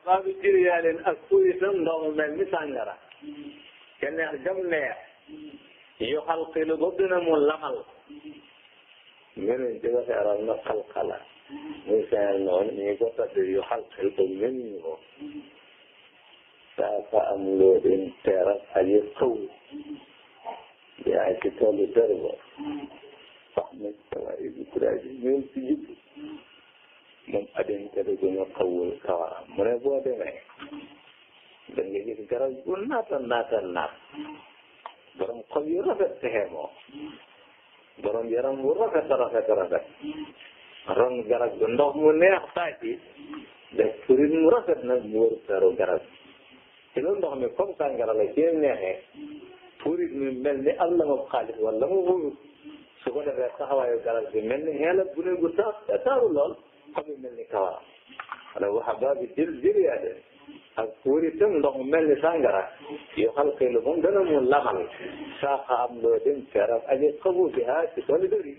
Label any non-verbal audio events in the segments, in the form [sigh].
asxaabu jir yaa leen ak kuy mel ni sàngara kenn neex jam neex yu xalqilu ba gën a mu lamal menen ci waxe arab na xalqala muy feeñal noonu ñu ko tadde yu xalqil ko mel ñu ko saa fa am loo din teerat aji xaw yaa ci ba sax na tawa ibi kuraaji ñoom ci jubbi moom adim tëdd gu ñu xawul kawaram mu ne boo demee da nga gis garab bu naata naata naat borom xob yu rafet texe moo borom yaram bu rafet rafet rafet ron garab gu ndox mu neex taaji def turin mu rafet nag mu wër teru garab te ndox mi comme sàngara la ci neexee purit mi mel ni am na moom xaalis wala mu wóorut su ko defee taxawaayu garab bi mel ni xeela bu ne gu taar lool xob yu mel ni kawar wala waxa baabi jël jëriyaade ak kuur itam ndox mu mel ni sàngara yoo xam xëy na moom dana mu lamal saaxa am loo dem feeram aje xabu bi ha ci toolu dëri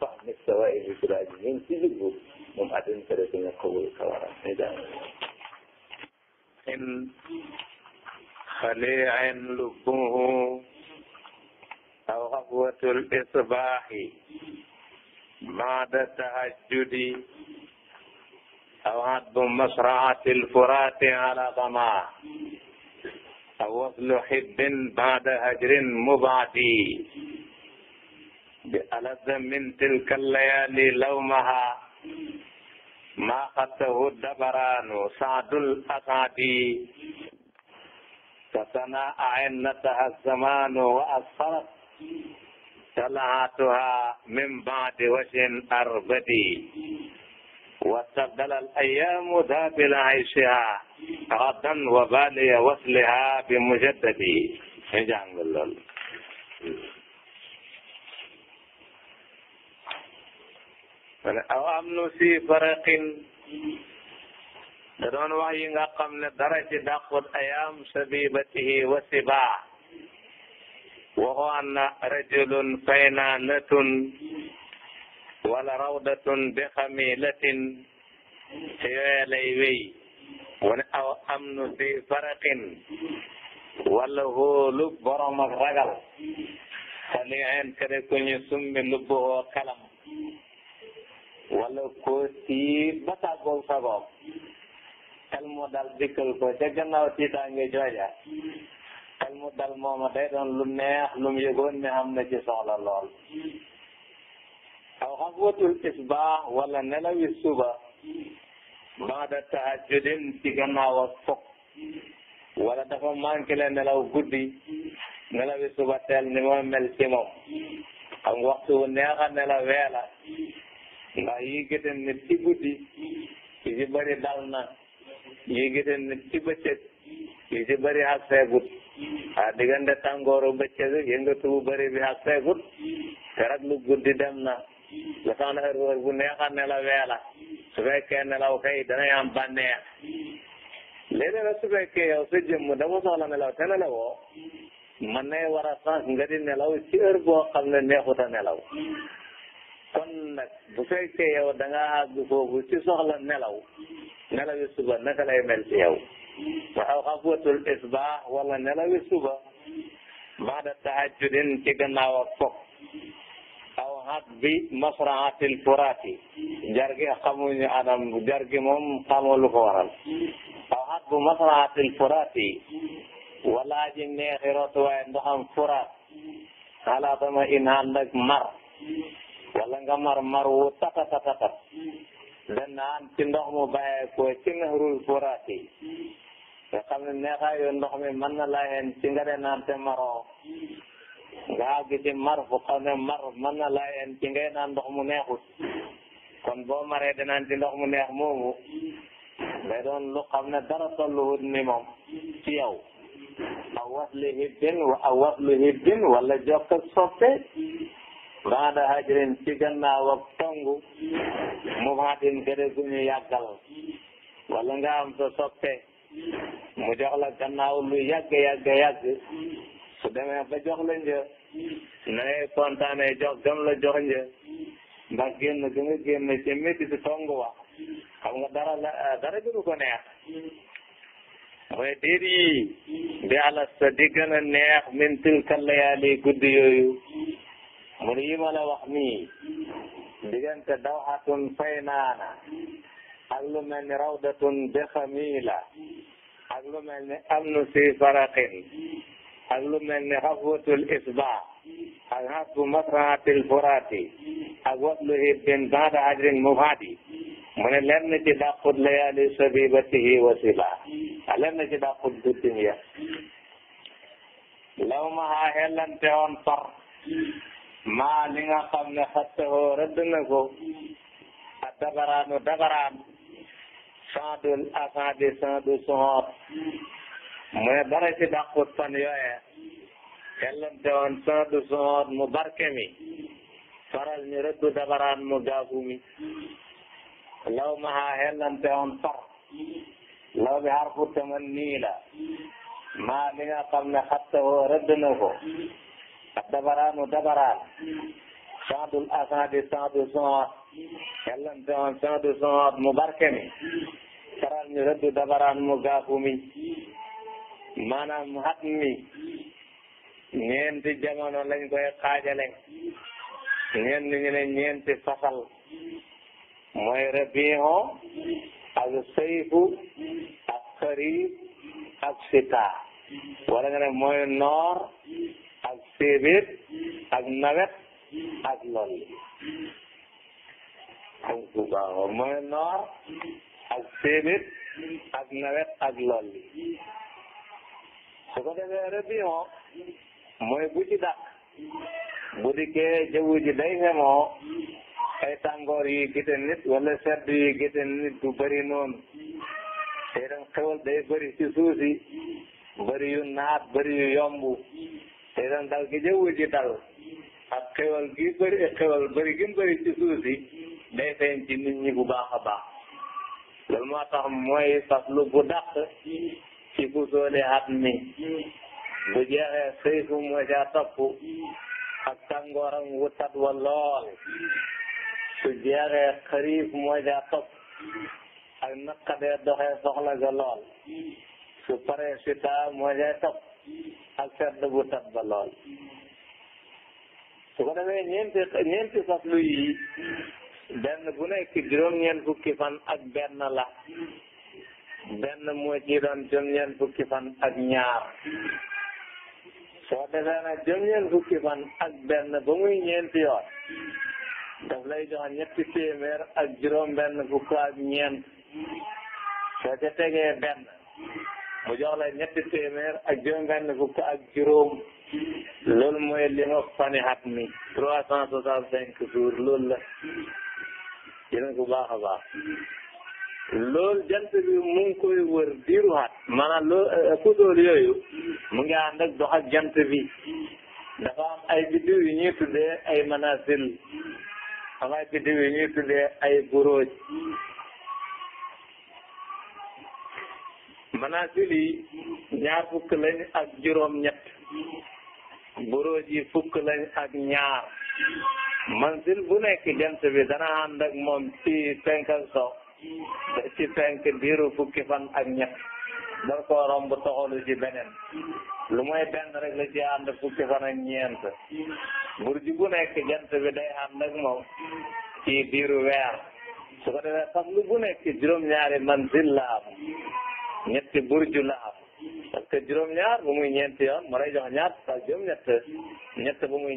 fax ni sawaay e bi suraaj ñu ngi ci jubbu moom adin fere suñu xabul kawaram ni daan in xaliin lubbuhu aw xabwatul isbaaxi baada tahajjudi aw addu masraati lfuraati ala dama aw waslu hibbin baada hajrin mubaadi bi alazza min tilka allayaali lawmaha maa xattahu dabaraanu saadul asaadi tasana ainnataha zamaanu wa asfarat talaatuha min baadi washin arbadi واستبدل الأيام ذات عيشها غدا وبالي وصلها بمجددي ñu jàngal lool ma ne aw am nu si faraqin da doon wax yi nga xam ne dara ci dàqut ayaam sabibatihi wa siba waxoon na rajulun faynanatun wala rawdatun bi xamilatin te yooya lay wéy wala aw amnu si faraqin wala hóolu borom ak ragal xali en kede ku ñu summi lubbuhoo kalam wala koo sii ba tàggoog sa bopp xel mu dal dikkal ko ca gannaaw tiitaange jooja xel mu dal mooma day doon lu neex lu mu yëgoon am na ci soxla lool aw xafwatul isbaax wala nelawi suba baada tahajjudin ci gannaaw ak fokk wala dafa manqué le nelaw guddi nelawi suba teel ni moo mel ci moom xam waxtu bu neex a nelawee la ndax yi gëten nit ci guddi yi ci bëri dal na yi gëten nit ci bëccëg yi ci bëri ak seegut ah diggante tàngooru bëccëg yëngatu bu bëri bi ak seegut te rag lu guddi dem na lafaan xër xër bu neex a nelaw weela su fekkee nelaw kay dana yam bànneex léeg-léeg nag su fekkee yow sa jëmm dafa soxla nelaw te nelawoo man nay war a sànq nga di nelaw ci heure boo xam ne neexut a nelaw kon nag bu fekkee yow da ngaa àgg foofu ci soxla nelaw nelaw yi suba naka lay mel ci yow wa aw xafwatul isbaax wala nelaw yi suba baada tahajjudin ci gannaaw ak fokk marahat bi masrahatil furati jar gi xamuñu anam jar gi moom xamoo lu ko waral marahat bu masrahatil furati wala ji neexi rotuwaay ndoxam furat xalaat dama in ànd mar wala nga mar mar wu tata tata tata ci ndox mu bàyyee ci nahrul furati nga xam ne neexaayu ndox mi na laa hen de naan te maroo nga àgg ci mar fu xaw ne mar mën na laa yéen ci ngay naan mu neexut kon boo maree danaan ci ndox mu neex moomu day doon lu xam ne dara tolluwut ni moom ci yow aw wasli hibbin wa aw waslu hibbin wala jokk ak soppe baada hajrin ci gannaaw ak tongu mu maatin gëre gu wala nga am soppe mu jox la gannaaw lu yàgg yàgg yàgg demee ba jox la një na ngay kontaanee jox gam la jox një ndax génn gi nga génn ci métti si tong wax xam nga dara la ah, dara du ko neex mooy déet yi bi alas sa di gën a neex min tilka layaali guddi yooyu mu ne yi ma la wax nii diggante dawxatun fay naana ak lu mel ni rawdatun dexamila ak lu mel ni am nu si ak lu ne xafwatul isbaa ak xasbu masraatil furaati ak watlu hibbin baada ajrin mufaati mu ne lenn ci dàqut layaali sabibatihi wasila a lenn ci dàqut guddim ya law ma haa xellante woon par maa li nga xam ne xattahoo rëdd na ko a dabaraanu dabaraan sandul asandi sandu soxoor mu ne dara ci dàqut fan yooye xellante woon sanadu soxoot mu barke mi faral ñu rëddu dabaraan mu gaagu mi law ma haa xellante woon far law bi harfu tamanni la maa li nga xam ne xatta woo rëdd na ko ak dabaraanu dabaraan sanadul asandi sanadu soxoot xellante woon sanadu soxoot mu barke mi faral ñu rëddu dabaraan mu gaagu mi maanaam at mi ñeenti jamono lañ koy xaajale ñenn ñu ne ñeenti fasal mooy rabiho ak sayfu ak xarif ak sita wala nga ne noor ak sébét ak nawet ak lolli mooy noor ak sébét ak nawet ak lolli su ko defee rébillon mooy bu ci dàq bu dikkee jaww ji day xemoo ay tàngoor yi gite nit wala sedd yi gite nit du bëri noonu te itam xewal day bëri ci suuf si bëri yu naat bëri yu yomb te itam dal gi jaww ji dal ak xewal gi bëri xewal bëri gi bëri ci suuf day feeñ ci nit ñi bu baax a baax loolu moo tax mooy fas lu bu dàq ci butooli at mi bu jeexee sayfu moo ca topp ak tàngooram wu tat wa lool su jeexee xariif moo ca topp ak soxla ga lool su paree sitaa moo ca topp ak sedd bu tat ba lool su ko defee ñeenti ñeenti faslu yi benn bu nekk juróom-ñeent fukki fan la benn moo ci doon juróom-ñeent fukki fan ak ñaar soo defee nag juróom-ñeent fukki fan ak benn ba muy ñeenti yoon daf lay jox ñetti téeméer ak juróom-benn fukk ak ñeent soo ca tegee benn mu jox la ñetti téeméer ak juróom-benn fukk ak juróom loolu mooy li ma fani at mi trois cent soixante cinq jours loolu la yéen ko baax a baax lool jant bi mu ngi koy wër diiru at maanaam loolu euh, euh, puudar yooyu mu ngi ànd ak dox jant bi dafa am ay biddiw yu ñuy tuddee ay manasil am ay biddiw yu ñuy tuddee ay buróoj manasil yi ñaar fukk lañ ak juróom-ñett buróoj yi fukk lañ ak ñaar mansil bu nekk jant bi dana ànd moom ci penk ak ci cinq diiru fukki fan ak ñett dal ko romb toxalu ci beneen lu mooy benn rek la ci ànd fukki fan ak ñeent burju bu nekk jant bi day ànd ak moom ci diiru wer su ko defee faslu bu nekk juróom-ñaari manzil la am burju la am parce que juróom-ñaar bu muy ñeenti yoon moo lay jox ñaar ak juróom-ñett ñett bu muy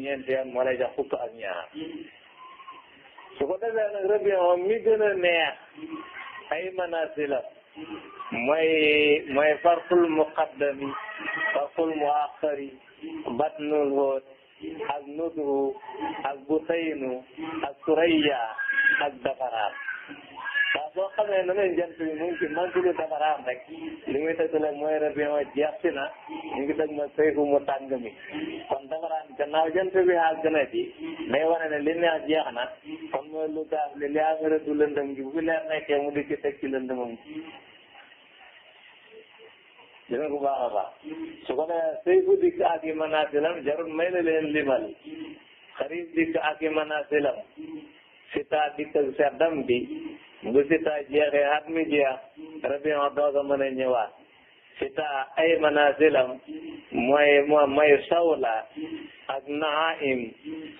lay jox fukk ak ñaar su ko defee nag Rabi'a mi gën a neex ay manasila mooy mooy farqul muqaddami farqul muaxari batnul woot ak nudru ak busaynu ak surayya ak dafaraam waaw boo xamee na muy jant bi mu ngi ci man tudd dafaraam rek li muy tëgg la mooy Rabi'a jeex si na ñu ngi tëgg ma sayfu mu tàng mi kon dafaraam gannaaw jant bi xaal gën a ji day wane ne li neex jeex na kon mooy lu gaaf li li affaire du lëndëm gi bu fi leer mu di ci teg ci lëndëmam dina ko baax a baax su ko defee sëy bu dikk ak i manaasilam jarul may la leen limal xarit dikk ak i manaasilam sitaa dikk ak seddam bi bu sitaa mi jeex rabi ma doog a mën a sita ay manazilam mooy mooy sawla ak naim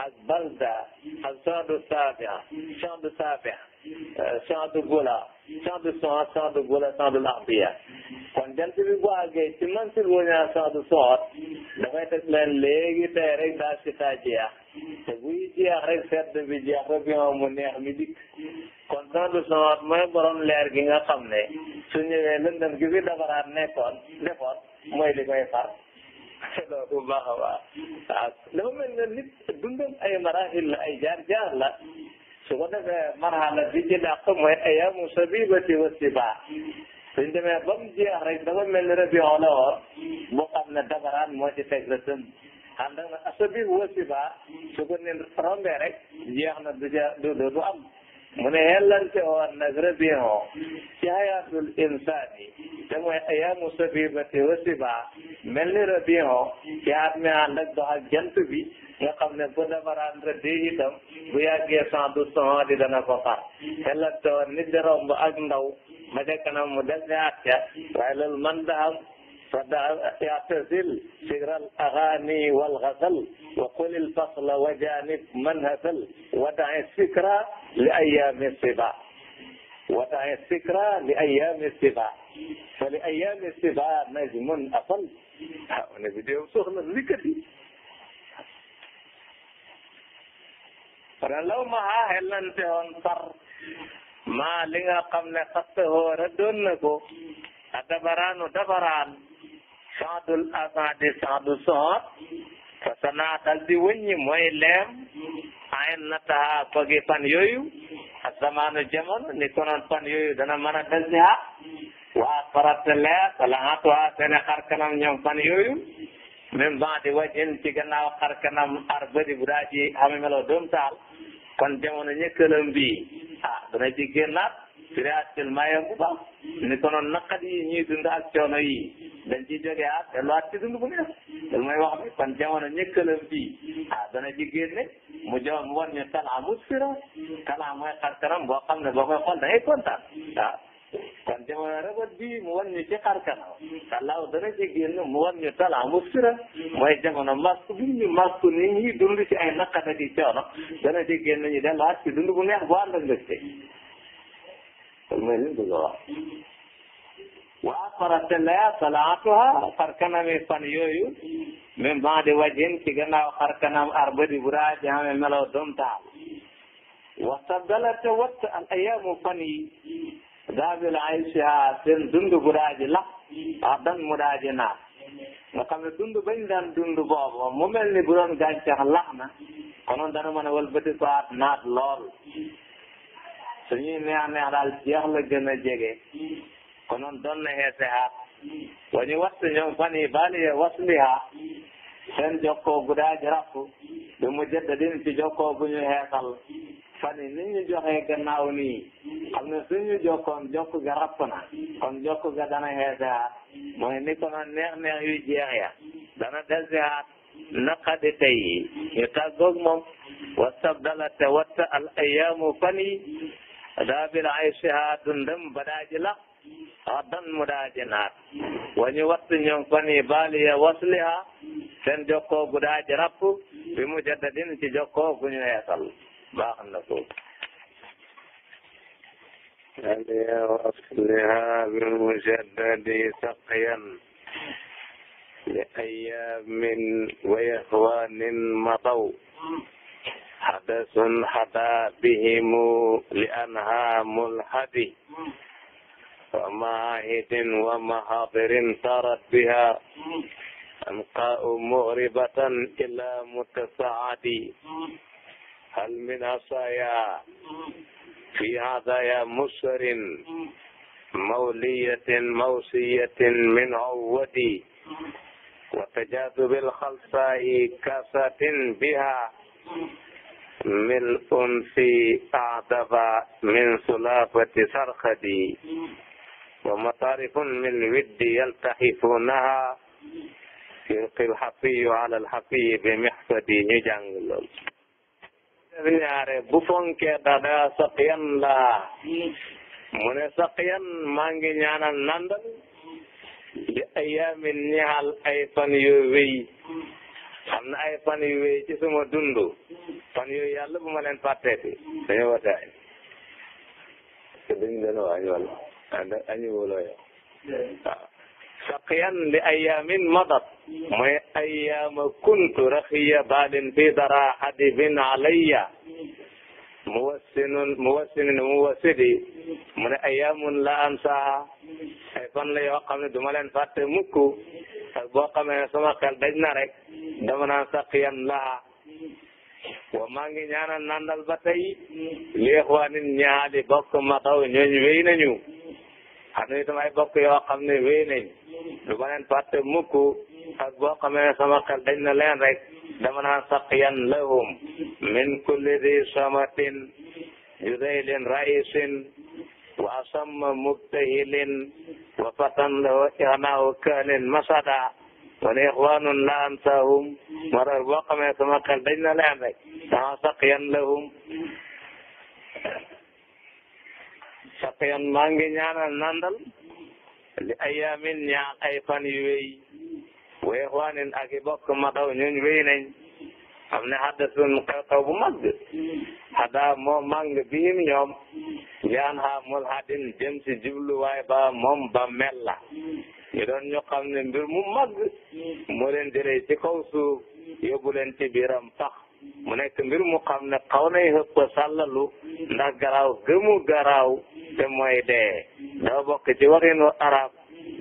ak balda ak sadu sabia sadu sabia euh, sadu gula sadu soot sadu gula sadu laxbiya kon jant bi bu àggee ci mansil wuñaa sadu soot dafay teg leen léegi tey rek daal sita jeex te buy jeex rek sedd bi jeex rek yow mu neex mi dikk kon noonu sonat mooy borom leer nga xam ne su ñëwee lëndëm gi fi dabaraat nekkoon defoon mooy li koy far [laughs] loolu bu baax a baax waaw dafa mel ne nit dundam ay marahil la ay jaar jaar la su ko defee marhala bi ci dàq mooy ayamu sabibati wa mu jeex rek dafa mel ni rabion la woon boo xam ne dabaraat moo ci teg la tëm ànd ak asabi huwa siba su ko rek jeex na du ja du du am mu ne hellante oo nag rabien oo ci hayatul insani te mooy ayamu sabibati wa siba mel ni rabien oo ci at mi ànd ak dox ak jant bi nga xam ne bu dafaraan rëddee itam bu yàggee sans du son di dana ko far hellante oo nit di romb ak ndaw ma ca kanam mu des ne at ca man da فاعتزل شجر الأغاني والغزل وقل الفصل وجانب من هزل ودع السكرى لأيام الصبا ودع السكرى لأيام الصبا فلأيام الصبا نجم أصل ah on est vidéo soxla likkati wala law ma ah xellante woon par maa li nga xam ne xattahoo rëddoon na ko a dabaraanu dabaraan saadul asaadi saadu soxor fasanaa dal di wëññi mooy leem ayen na taxa fagi fan yooyu asamaanu jamono ni konoon fan yooyu dana mën a dal di xaar waa farata leer wala xatuwaa seeni xar kanam ñoom fan yooyu même ban di wajin ci gannaaw xar kanam ar bëri bu daa ji xame doom taal kon jamono ñëkkalam bii ah dana ci génnaat firi askan maye bu baax ni ko noonu naqat yi ñuy dund ak coono yi dañ ciy jógee ah delluwaat ci dund bu neex loolu mooy wax bi kon jamono ñëkkalam bii ah dana ci génne mu jamono woon ñu talaa musfira talaa mooy xar kanam boo xam ne boo koy xool da ngay kontaan waaw ah. kon jamono rëbët bii mu wan ñu ci xar kanam talaaw dana ci génn mu wan ñu talaa musfira mooy jamono masque bi ñu masque ni ñuy dund ci ay naqat ak i coono dana ci génn ñu delluwaat ci dund bu neex bu ànd ak mbégte loolu mooy li mu bëgg a wax. waa farate la salaatuha xar kanami fan di wajin ci gannaaw xar kanam arbadi bu raa ji xamee melaw doom taal. wasadalate wat al ayaamu fan yi. daabil aysiha seen dund bu raa ji lax. wax dan mu raa nga xam ne dund bañ daan dund boobu mu mel ni bu doon gàncax lax na. konoon dana mën a wëlbati ko naat lool. suñuy neex neex daal jeex la gën a jege konoon doon na heese ha wañu wattu ñoom fan yi baali ye wasli ha seen jokkoo gu daa jarappu du mu jëddadin ci jokkoo gu ñu heesal fan yi nit ñu joxee gannaaw nii xam ne suñu jokkoon jokk ga rapp na kon jokk ga dana heese ha mooy ni konoon neex neex yu jeex ya dana delsi ha naqadi tey yi ñu tàggoog moom wastabdala te watta al fan yi daa bil ay siha dundam ba daa ji lax mu daa naat wañu wattu ñoom kon yi baaliya wasliha seen jokkoo gu daa bi mu ci jokkoo ñu yeesal baax na ko baaliya wasliha bi mu jaddadi saqiyan li ayaamin wa yahwanin mataw hadasun hada bihimu li anha mulhadi wa maahidin wa mahadirin tarat biha anqa'u mu'ribatan ila mutasaadi hal min asaya fi hadaya musrin mawliyatin mawsiyatin min awwadi wa tajadubil khalsai kasatin biha mil unsi adaba min sulafati sarxadi wa matarifun min widdi yaltaxifunaha yulqil xafiyu ala alxafiyi bi mixsadi ñu jàng lool ñaare bu fonkee dada saqiyan laa mu ne saqiyan maa ngi nandal bi ayaamin ñaal ay fan yu wéy xam ay fan yu wéy ci sama dundu fan yooyu yàlla bu ma leen fàtteeti dañoo wataay te dañu leen waa añ wala ànd ak añu wóoloo yow waaw saqiyan li ayaamin madat mooy ayaama kuntu raxiya baadin fi dara hadibin alayya muwassinun muwassinin muwassidi mu ne ayaamun la ansaha ay fan la yoo xam ne du ma leen fàtte mukk ak boo xamee ne sama xel daj na rek dama naan saqiyan laa wa maa ngi ñaanal nandal ba tey li ixwaanin ñaali bokk mataw ñooñu wéy nañu am na itam ay bokk yoo xam ne wéy nañ du ma ak boo xamee sama xel dañ na leen rek dama naan saqiyan lahum min kulli di samatin judaylin raisin wa asamma mubtahilin wa fatan lahu ihnaahu kahnin masada wala ixwaanun la ansaahum moo tax boo xamee na leen rek dama saqiyan lahum saqiyan maa ngi ñaanal nandal li ayaamin ñaa ay fan yu wéy wa ixwaanin ak ma daw ñuñ wéy nañ xam ne xaddasun xew-xew bu mag xadaa moo mag biim ñoom yaan xaa mul xadin jëm si jubluwaay ba moom ba mel ñu doon ñu xam ne mbir mu mag moo leen jëlee ci kaw suuf yóbbu leen ci biiram sax mu nekk mbir mu xam ne xaw nay xëpp sàllalu ndax garaaw gëmu garaaw te mooy dee dafa bokk ci waxinu arab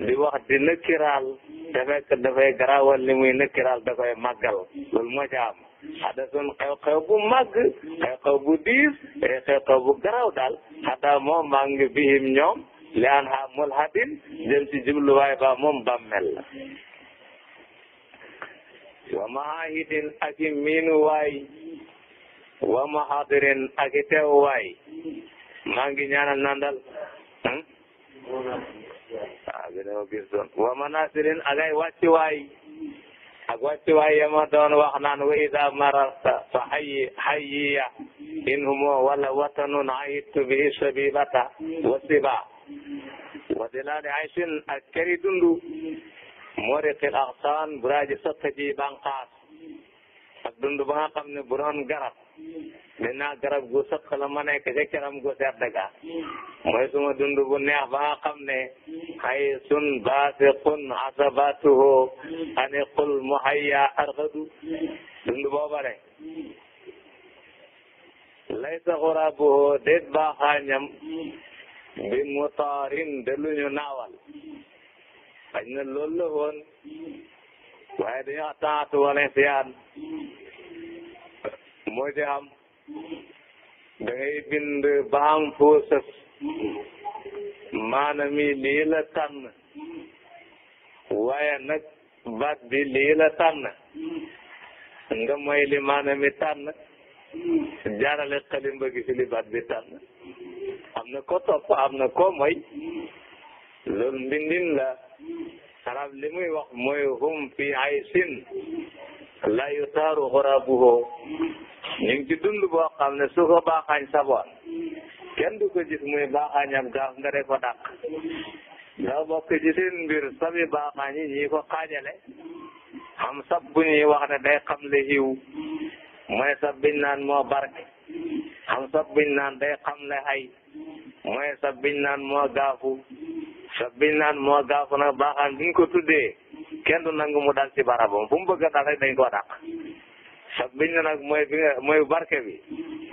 di wax di nëkkiraal te fekk dafay garaawal li muy nëkkiraal da koy màggal loolu moo ci am hadasun xew bu màgg xew-xew bu diis xew-xew bu garaaw daal xadaa moo màng bihim ñoom li an ha mulhadin jëm ci jubluwaay ba moom bàmmel la wa mahahidin ak i miinuwaay wa mahadirin ak i teewwaay nandal hmm? ah bi dama gis doon wa manasirin ak ay wàccuwaay ma doon wax naan wa ida mararta fa hayyi hayyiya in humo wala watanun ayittu bihi sabibata wa wa dilaali aysin ak këri dundu muriqil axsaan bu raaji sëq ji bànqaas ak dundu ba nga xam ne bu doon garab dinaa garab gu sëq la ma nekk ca caram gu sedd ga mooy suma dundu bu neex ba nga xam ne haysun baasiqun asabatuhu aniqul muhayya arxadu dundu booba rek laysa xuraabuhu déet baaxaañam bi mu taarin de lu ñu naawal xañ na loolu la woon waaye dañoo taatu wala siyaan moo ci am da ngay bind ba am foo sës maanaam lii la tànn waaye nag baat bi lii la tànn nga mooy li maanaam tànn jaarale xalimba gi si li baat bi tànn na ko topp am na ko moy loolu mbindin la arab li muy wax mooy hum fi aysin la yutaaru xurabuhu ñu ci dund boo xam ne su ko baaxaañ saboon kenn du ko gis muy baaxaañam gaaf nga ko dàq daa bokk ci seen mbir sabi baaxaañ yi ñii ko xaajale xam sab bu ñuy wax ne day xam le xiw mooy sab biñ naan moo barke xam sab biñ naan day xam le hay mooy sab biñ naan moo gaafu sab biñ naan moo gaafu nag baaxaan bi ñu ko tuddee kenn du mu dal ci barabam fu mu bëgg a dal rek dañ koo dàq sab biñ na nag mooy bi mooy barke bi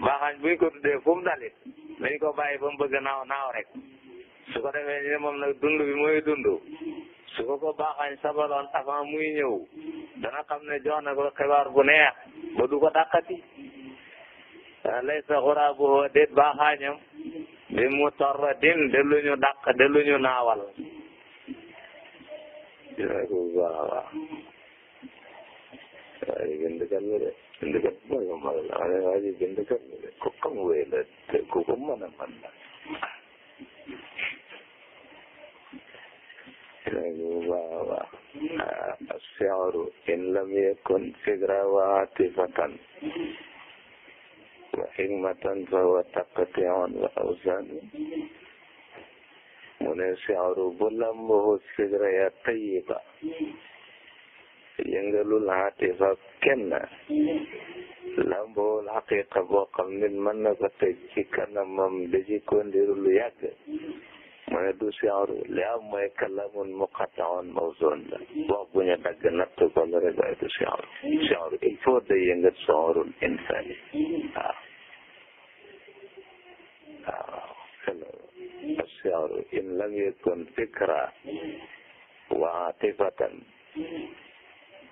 baaxaan bi ñu ko tuddee dalit dañ ko bàyyi ba mu bëgg a naaw naaw rek su ko defee ñu moom nag dund bi mooy dund su ko ko baaxaañ sabaloon avant muy ñëw dana xam ne jox na ko xibaar bu ne ba du ko dàqati lay sa xuraabu déet baaxaañam bi mu tarradin de lu ñu dàq de lu ñu naawal waaye bindkat de bindkat bu mag a mag la ma ne de ku xam wéy la te ku ko mën a mën la waaw as-shi'ru in lam yakun fikra wa wa xikmatan fa huwa taqtiun wa awsan mu ne seeru bu lamboo sigra ya tayiba yëngalul hatifa kenn lamboo xaqiqa boo xam nit mën na ko tëj ci kanamam daji ko ndiru lu yàgg mu ne du seeru li am mooy kalamun muqattaun mawzun la wax bu ñu dagg natt ko la rek waaye du seeru seeru il faut da yëngal seerul insani waaw الشعر إن لم يكن فكرة وعاطفة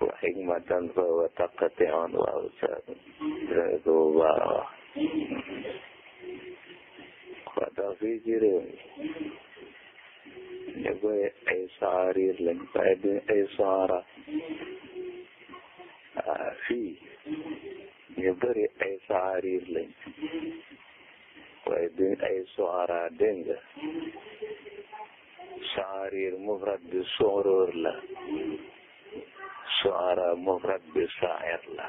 وحكمة فهو تقطع وأوساط ذوبا xanaa fii ci réew mi ñu koy ay saariir lañ waaye duñ ay saara ah fii ñu bëri ay saariir lañ. waaye duñ ay soxara dégg nga soxariir mufrad bi soxroor la soxara mufrad bi saxir la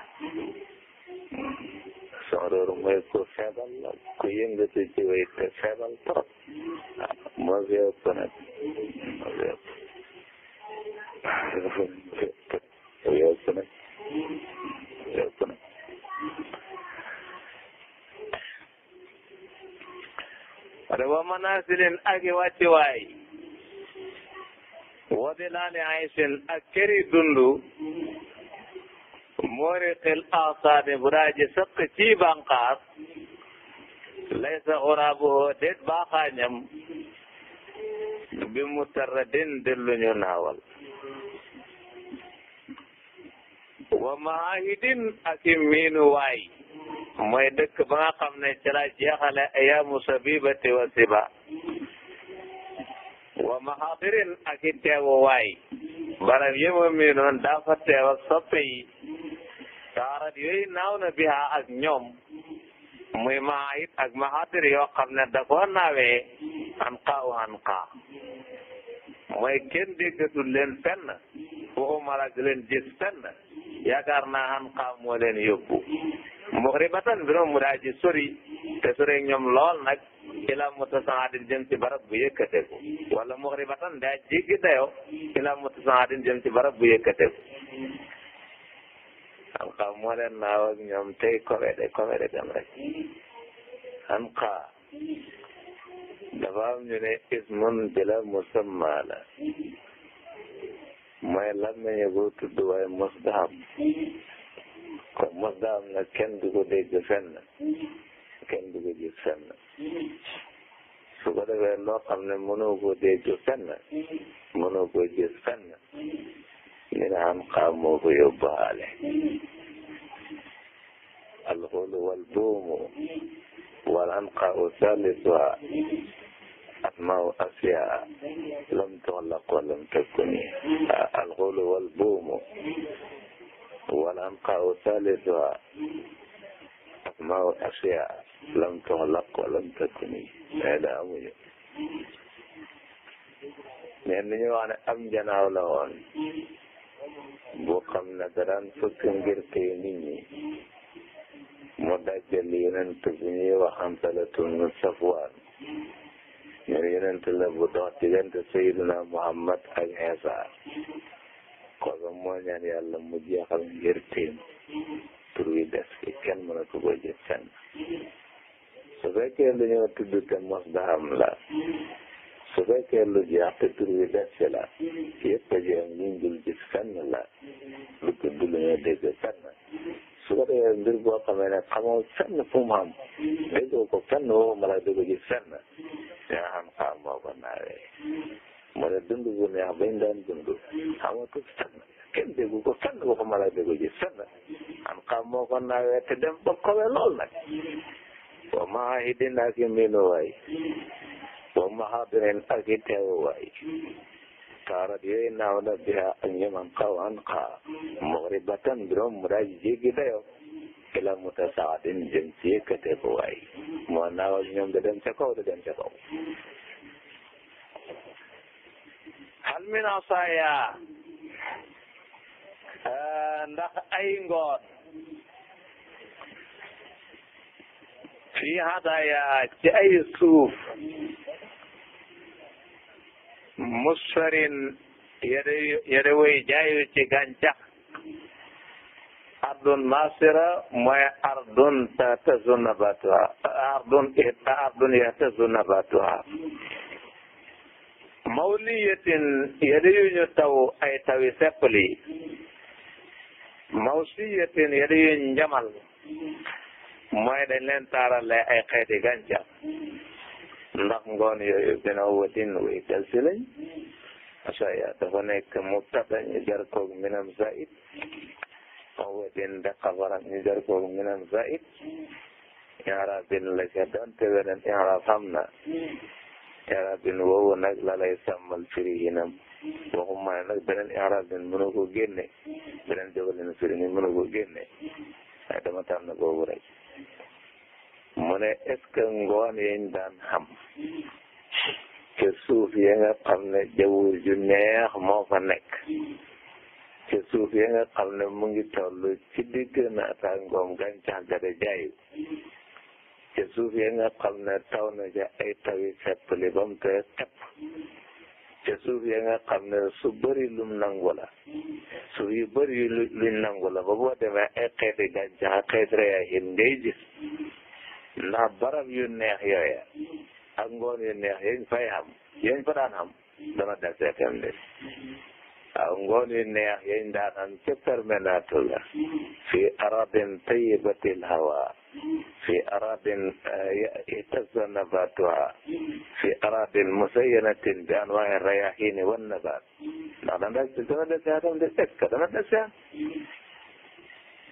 soxroor mooy ku feebal la ku yëngatu ci way te feebal trop ah moo fi ëpp nag moo fi ëpp manaasilin ak i wàcciwaay wadi laali aysin ak këri dundu mooriqil aqsaadi buraaji sëq ci banqaas laysa uraabuhu déet baaxaañam bi mu tarra delluñu naawal wa maahidin ak i miinu waay mooy dëkk ba nga xam ne ci la jeexale ayaamu sabibati wa siba wa mahadirin ak i teewu waay barab yi ma miinoon daa fa teew ak soppe yi taarat naaw na biha ak ñoom muy mahayit ak mahadir yoo xam ne da koo naawee an qaaw an qaa mooy kenn déggatul leen fenn waxuma la leen gis fenn yaakaar naa an qaa moo leen yóbbu muxribatan bi mu daa ji sori te sori ñoom lool nag ila mutasaadin jëm ci barab bu yëkkateeku wala muxribatan daa jéggi dayoo ila mutasaadin jëm ci barab bu yëkkateeku xam-xam moo leen naaw ak ñoom tey kowede kowede dem rek an xaa dafa am ñu ne ismun bila musamma la mooy lan nañu ko tudd waaye mustahab comme mos daa am kenn di ko dégg fenn kenn du ko gis fenn su ko defee loo xam ne mënoo ko dégg fenn mënoo ko gis fenn ñu ne am xaam moo ko yóbbaale alxulu wal buumu wal anqaau salisuha asmau asiyaa lam toxlaq wa lam wal buumu wal anqaa'u saalisuhaa asmaa'u ashyaa lam tuxlaq wa lam takun mais eh, daa amuñu ñenn ñu wax ne am janaaw la woon bu xam ne daraan fëkk ngir tey nit ñi mu dajjal yonent bi ñuy wax Hanzalatu bnu Safwaan ñun yonent la bu dox diggante Sayyidina Muhammad ak Iisaa kooka moo ñaan yàlla mu jeexal ngir tiim tur wi des ki kenn mënatu ko jëf fenn su fekkee lu ñoo tudd te mos daxam la su fekkee lu jeex te tur wi des ci la yëpp a jeex luñ dul gis fenn la lu tudd lu ñoo dégg fenn su ko defee mbir boo xamee ne xamoo fenn fu mu xam déggoo ko fenn waxuma la dégg gis fenn yaa xam xaar moo ko naawee moo ne dund gu neex bañ daan dund amatul fenn ko fenn waxuma la déggu ji fenn an xam moo ko naawee te dem ba kowe lool nag wa maa hidin ak i mbinuwaay wa mahadirin ak i teewuwaay taarat yooyu naaw na biha ak ñaman xaw an xaa mugribatan mbiroom mu daaj jéggi dayo ila mutasaadin jëm ci yëkkatee ko waay moo naaw ak ñoom da dem ca kaw da dem ca kaw hal min asaya eh, ndax ay ngoon fii hadaya ci ay suuf musfarin yede yede way jaayu ci gàncax ardun nasira mooy ardun tahtazu nabatuha ardun ardun yahtazu nabatuha mawliyatin yada yu ñu taw ay tawi seppali mawsiyatin yada yu ñu njamal mooy dañ leen taarale ay xeeti gàncax ndax ngoon yooyu bina watin way kalsi lañ asaya dafa nekk mubtada ñu jar koog minam zaid watin de xabara ñu jar koog minam zaid inrab bin la ca te weneen inrab xam na irabin woowu nag la lay sàmmal firihinam waxuma ne nag beneen irabin mënu ko génne beneen jogalin firini mënu ko génne waaye dama tànn boobu rek mu ne ngoon yañ daan xam ca suuf ya nga xam ne jaww ju neex moo fa nekk ca suuf ya nga xam ne mu ngi toll ci digg naataangoom ngoom ga de jaayu ci suuf ya nga xam ne taw na ca ay tawi feppali ba mu koy tepp ca suuf ya nga xam ne su bari lum nangu la suuf yu bëri yu luñ nangu la ba boo demee ay xeeti gàncax ak xeeti reyaxin ngay barab yu neex yooya ak ngoon yu neex yañ fay xam yañ fa daan xam dana desee tam de waaw ngoon yu neex yañ daan xam ca permenaatu la fi aradin tayibatil hawa fi aradin ihtazza nabatuha fi aradin musayyanatin bi anwaa'i rayaahiini wan nabaat ndax dana dana dese yaa tam de est ce dana dese yaa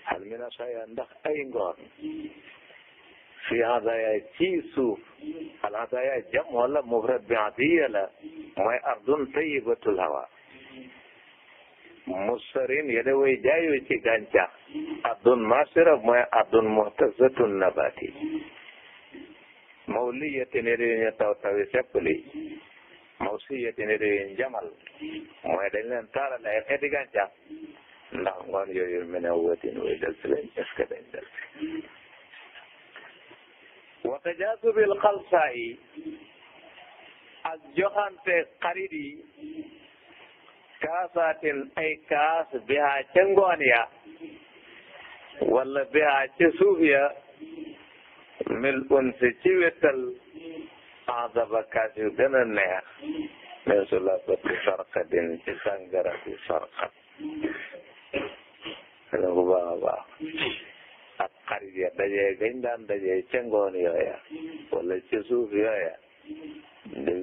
hal mina shay'in ndax ay ngoon fi hadaya ci suuf al hadaya jam wala mufrad bi adiya la mooy ardun tayyibatul hawa mustarin yéen way jaayoo ci gàncax addun masira mooy addun muhtasatun nabati mawliyatin yéen ñu taw tawi seppali mawsiyatin yéen jamal mooy dañ leen taaral ay xeeti gàncax ndax ngoon yooyu mene watin way del si lañ est ce que dañ del si wa tajasubil xalsaa yi kaasatin ay kaas bihaa ca ngoon ya wala bihaa ca suuf ya mil unsi ci wétal azaba kaas yu gën a neex min sulabati sarqatin ci sangara bi sarqat xana ko baax a baax ak xarit ya dajee gañ daan dajee ca ngoon yooya wala ca suuf yooya di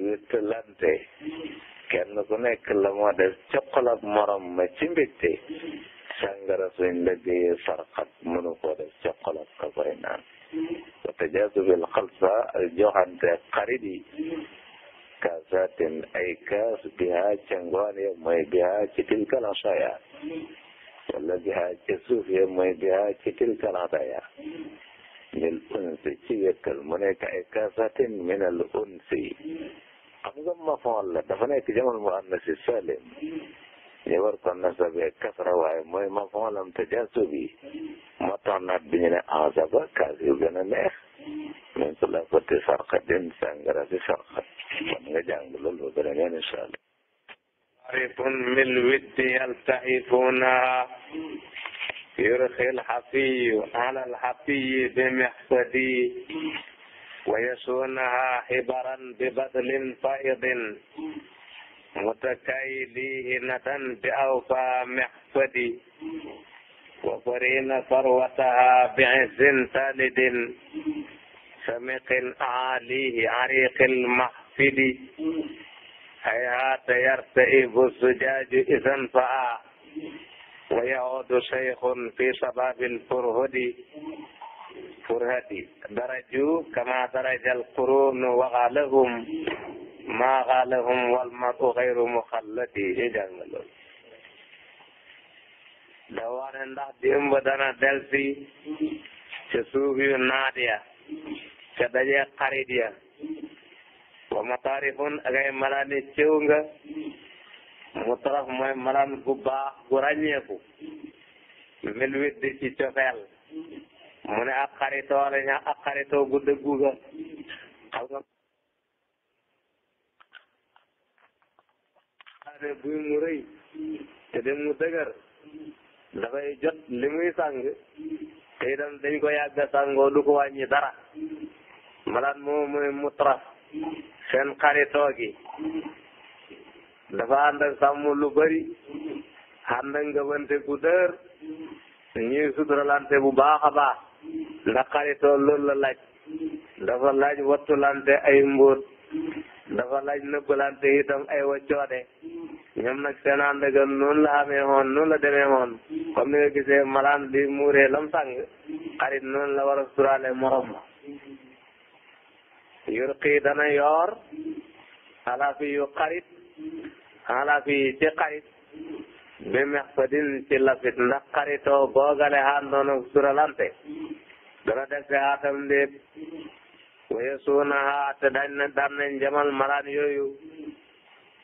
kenn ku nekk la moo def ci xolab morom ma ci mbégte sàngara suñ lëggéeyee sarxat mënu koo def ci xolab ka koy naan wa tajaazubil xalsa ak joxante xarit yi kaasatin ay kaas biha ca ngoon ya biha ci tilkal asaya wala biha ca suuf ya biha ci tilkal asaya min unsi ci wéttal mu nekk ay kaasatin min al unsi xam nga mafoon la dafa nekk jamal mu annas salim ñu war ko nasabee kasra waaye mooy mafoon lam tajaasubi moo tax naat bi ñu ne ansaba kaas yu gën a neex min sulafati sarqatin sàngara si sarqat kon nga jàng loolu ba beneen incha allah arifun mil witti yaltahifuuna yurxi alxafiyu ala alxafiyi bi mexsadi ويسونها حبرا ببذل فائض متكيليهنة بأوفى محفد وفرين ثروتها بعز ثالد سمق أعاليه عريق المحفد هيهات يرتئب الزجاج إذا انفأ ويعود شيخ في شباب الفرهد فرهتي درجوا كما درج القرون وغالهم ما غالهم والمرء غير مخلتي jàng loolu da wax ne ndax démb dana delsi ca suuf yu naat ya ca daje xarit ya wa matarifun ak ay malaan yi cëw nga mu taraf mooy malaan gu baax gu ràññeeku mil wit di ci cofeel mu ne ak xaritoo la ñu ak xaritoo gu dëggu ga xam buy mu te dem mu dëgër dafay jot li muy sàng te itam dañ ko yàgga sàngoo du ko wàññi dara malaat moom mu traf seen xaritoo gi dafa ànd ak sàmm lu bëri ànd ak ngëbante gu dër ñuy suturalante bu baax baax ndax xaritoo loolu la laaj dafa laaj wattulante ay mbóot dafa laaj nëbbalante itam ay waccoode ñoom nag seen ànd ak noonu la amee woon noonu la demee woon comme ni nga gisee malaan bi muuree lam sàng xarit la war a suraale morom ma yurqi dana yoor xalaafi yu xarit xalaafi yi ci xarit bi mex fa din ci lafit ndax xaritoo boogale xaandoon ak dana dese aatam lépp waye suuna haa te dañ na daan nañ jamal malaan yooyu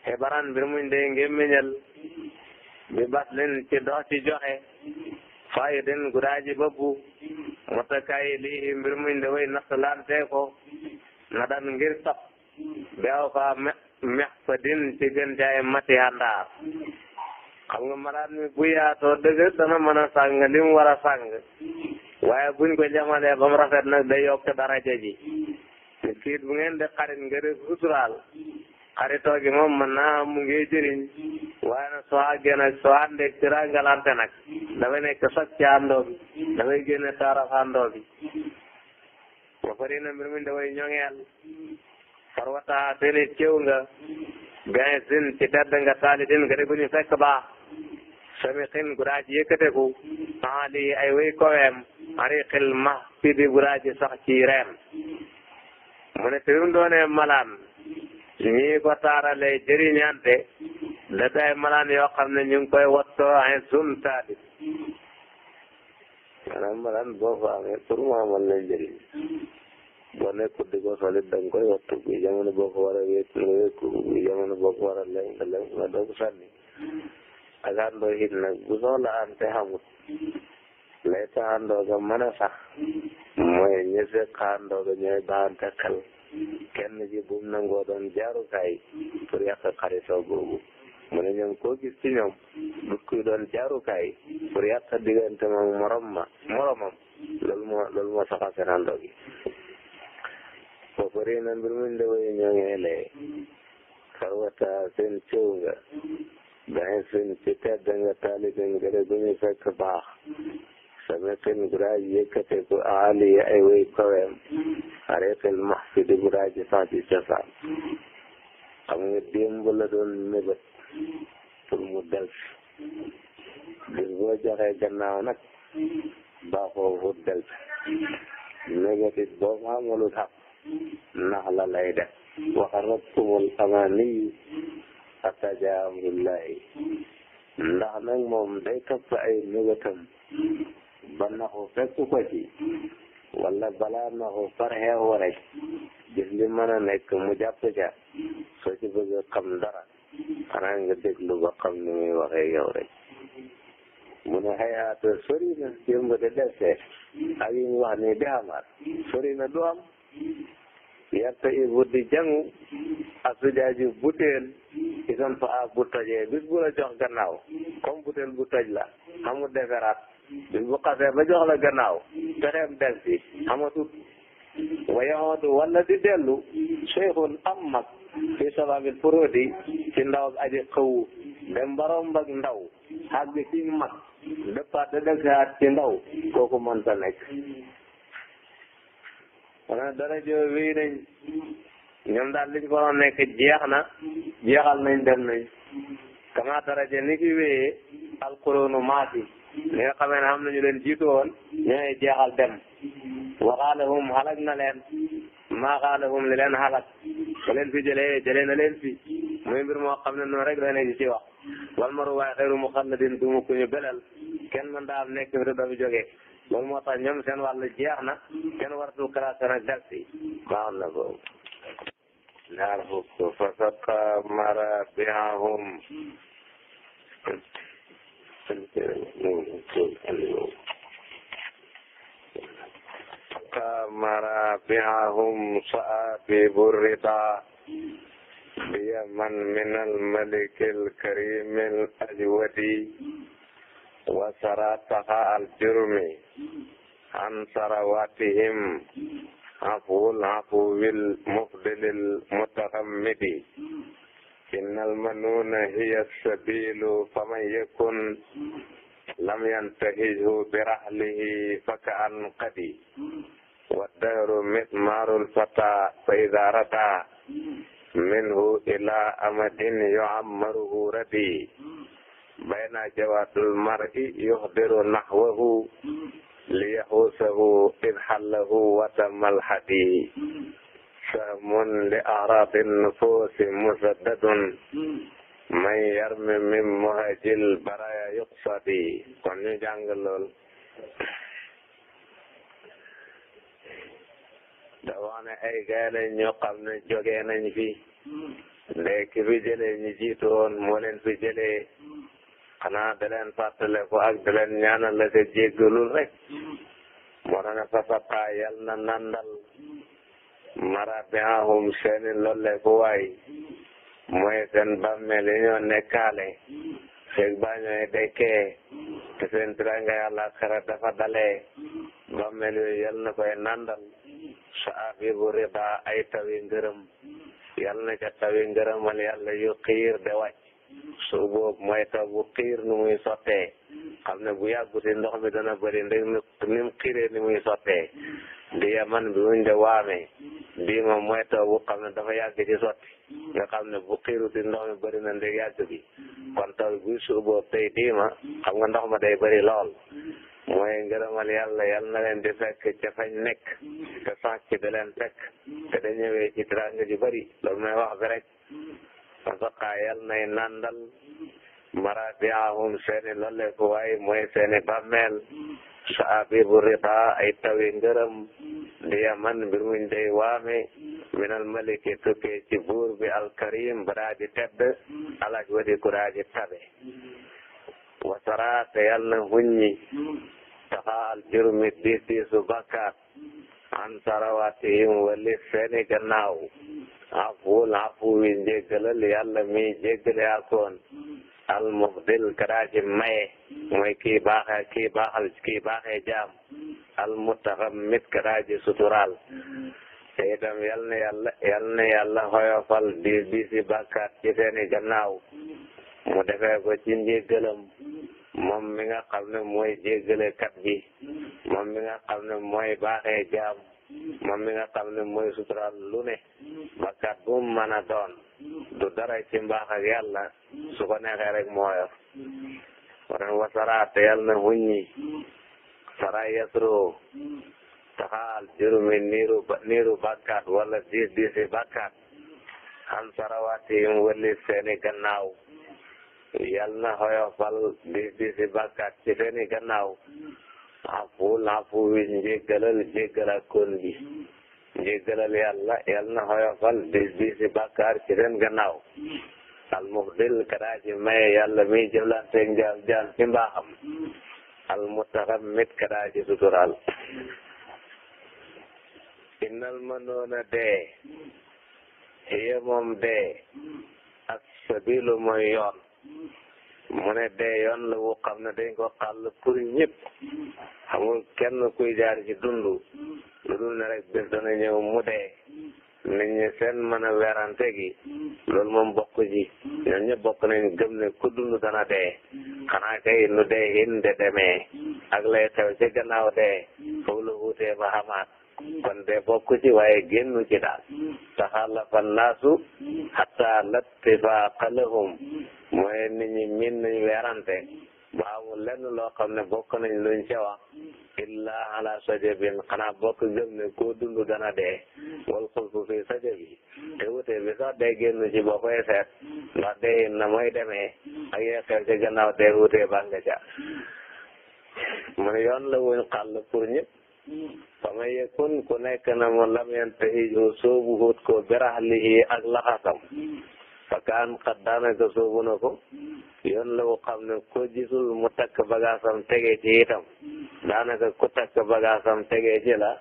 xibaran mbir muñ day ngémmiñal bi bas leen ci dox ci joxe fayi den gudaaji babbu motakayi liihi mbir muñ da way naxtalante ko na dan ngir top beew fa mex fa din ci gën jaay mati handaar xam nga malaan mi bu yaatoo dana mën a li mu war a waaye buñ ko jamalee ba mu rafet nag day yokk daraja ji nit ki bu ngeen di xarit nga def suturaal xaritoo gi moom mën naa mu ngi jëriñ waaye nag soo àggee nag soo àndee ci rangalante nag dafay nekk sag ci àndoo bi dafay génne taaraf àndoo bi ba pare na mbir mi farwata seeni cëw nga bien sin ci tedd nga taalitin nga di bu ñu fekk samiqin guraaji yëkkateku ali ay way koweem ariqil mahfidi guraaji sax ci reem mu ne tewum doone malaan ñii ko taarale jëriñante la day malaan yoo xam ne ñu ngi koy wattoo ay sun taali maanaam malaan boo ko amee pour mu amal la di ko solit da ko war a bi jamono boo ko war a lem nga lem nga ak àndoo na nag bu soxla am te xamut lay ga mën sax mooy ñi seq àndoo ga ñooy baaxante xel kenn ji bu mu nangoo doon jaarukaay pour yàq xaritoo boobu mu ne ñoom koo gis ci ñoom du kuy doon jaarukaay pour yàq diggante moom morom ma moromam loolu moo loolu moo saxal gi foofu rek na mbir muñ la woyee ñoo ngi lay farwata seen cëw nga baaxee suñ ci tedd nga taalifin gërë gu ñu fekk baax samiqin guraaj yëkkate ku aaliya ay way kaweem xariqin maxsidi guraaj sax ci cosaan xam nga démb la doon mébét pour mu del fi bis boo joxee gannaaw nag baaxoo fu del fi mébét it boo ma amulul xaq nax la lay e def waxarat kumul amaani atajaamullahi ndax nag moom day topp ay nëbëtam ba naxu fekk ko ci wala bala na far xeewu rek gis li mën a nekk mu jàpp ca soo ci bëgg a xam dara xanaa nga déglu ba xam ni muy waxee yow rek mu ne xayaata sori na yëmb de dese ak yi ñu wax ni de amaat sori na du yarta ibu di jangu asujaaju butéel isan fa a bu tojee bis bu la jox gannaaw comme butéel bu toj la xamul deferaat bis bu xasee ba jox la gannaaw pexeem del si xamatut wayahoodu wala di dellu cheikhun am mag fi sababil furudi ci ndaw ak aji xëwu dem baroom ak ndaw xàgg ci mag dëppaat da dëggaat ci ndaw kooku mën ta nekk wala darajo wéy nañ daal liñ ko doon nekk jeex na jeexal nañ dem nañ kama daraja ni ki wéyee alqurunu maati li nga xamee ne am nañu leen jiitu woon ñooy jeexal dem waxaalahum xalak na leen maa xaalahum li leen xalak ba leen fi jëlee jëlee na leen fi muy mbir moo xam ne noonu rek la nekk ci wax wal maru waaye xeeru mu xalladin du mu kuñu belal kenn mën daal am nekk fi dafa jógee loolu moo tax ñoom seen wàll jeex na kenn waratu classé nag dal si baaxoon na boobu naar fukk fa saqa marabiahum saqa marabiahum saa fi burrita biyaman min almalik alkarim alajwadi wasara taxa al jurmi an sarawatihim afwul afwil mufdilil mutaxammidi innal manuuna hiya sabilu faman yakun lam yantahijhu birahlihi faka an qadi waddahru mitmarul fata fa ida rata minhu ila amadin yuammaruhu radi bayna jawaatul mar'i yuxdiru naxwahu liyaxuusahu id xallahu watamal xadi sahmun li araadin nufuusi musaddadun man yarmi min muhajil baraya yuqsadi kon ñu jàng lool da wax ne ay gaay lañ ñu xam ne nañ fi ndee ki fi jëlee ñu jiitoon moo leen fi jëlee xanaa da leen fàttaleku ak da leen ñaanal la te jéggalul rek moo tax ne fasata yal na nandal marabiahum seeni lolleku waay mooy seen bàmmeel yi ñoo nekkaale feeg baa ñooy dekkee te seen tiranga yàlla xara dafa dalee bàmmeel yooyu yal na koy nandal sa abibu rida ay tawi ngërëm yal na ca tawi ngërëmal yàlla yu xiir de su boobu mooy taw bu xiir nu muy xam ne bu yàgguti ndox mi dana bëri ndeg ni mu xiiree ni muy sottee di yaman bi muñ de waamee bii moom mooy taw bu xam ne dafa yàgg ci sotti nga xam ne bu xiiruti ndox mi bëri na ndeg yàgg bi kon taw bi buy su boobu tey diima xam nga ndox ma day lool mooy ngërëmal yàlla yal na leen di fekk ca fañ nekk te sax ci da leen fekk te da ñëwee ci teraanga ju bëri loolu may wax bi fasaqaa yal nay nandal marabiahum seeni laleekuwaay mooy seeni bàmmeel saabibu rida ay tawi ngërëm di yaman mbir muñ day waame minal maliki tukkee ci buur bi alkarim baraaji tedd alaj wadi kuraaji tabe wasaraate yal na huññi taxa aljurmi diis diisu bakkaat an sarawaatihim wali seeni gannaaw afuwul afuw wi jéggalal yàlla mi jéggale akoon al mubdil karaaji maye mooy kii baaxee kii baaxal kii baaxee jaam al mutaxammit karaaji suturaal te itam yal na yàlla yal na yàlla xoyofal diir bi si bàkkaat ci seeni gannaaw mu defee ko ci njéggalam moom mi nga xam ne mooy jéggale kat bi mi nga xam ne mooy baaxee jaam moom mi nga xam ne mooy suturaal lu ne bakkat bu mu mën a doon du dara ci mbaax ak yàlla su ko rek moo yor wasara te yàlla na huññi sara yasro taxaal jurumi niiru niiru bakkat wala diis diisi bakkat xam sarawaati mu wëlli seeni gannaaw yàlla na xoyofal diis diisi bakkat ci seeni gannaaw afuul afu wi njéggalal jéggal ak kon bi njéggalal yàlla yal na xoyofal dis disi bàkkaar ci seen gannaaw al mufdil kadaa ji maye yàlla miy jëflanteeg njaam jaam ci al mutaxammit kadaa ji sutural innal mënoona dee hiya moom dee ak sabilu mooy mu ne dee yoon la wu xam ne dañ ko xàll pour ñëpp xamul kenn kuy jaar ci dund lu dul ne rek bés na ñëw mu dee nit ñi seen mën a werante gi loolu moom bokk ji ñoom ñëpp bokk nañ gëm ne ku dund dana dee xanaa kay nu dee hin de demee ak lay xew ci gannaaw dee foofu la wuutee ba xamaat kon de bokk ci waaye génnu ci daal taxallafa naasu xataa la lahum mooy nit ñi min nañ werante baawu lenn loo xam ne bokk nañ luñ ca wax illa ala sajabin xanaa bokk gëm ne koo dund dana dee wal xulfu fi sajabi te wute bi sax day génn ci boo koy seet ndax dee na mooy demee ak yee ci gannaaw dee wute ba nga ca mu yoon la wuñ xàll pour ñëpp faman yakun ku nekk na mu lam yantahi mu soobu hut ko biraxlihi ak laxasam fakaan xat daanaka soobu na ko yoon la bu xam ne ko gisul mu takk bagaasam tege ci itam daanaka ku takk bagaasam tege ci la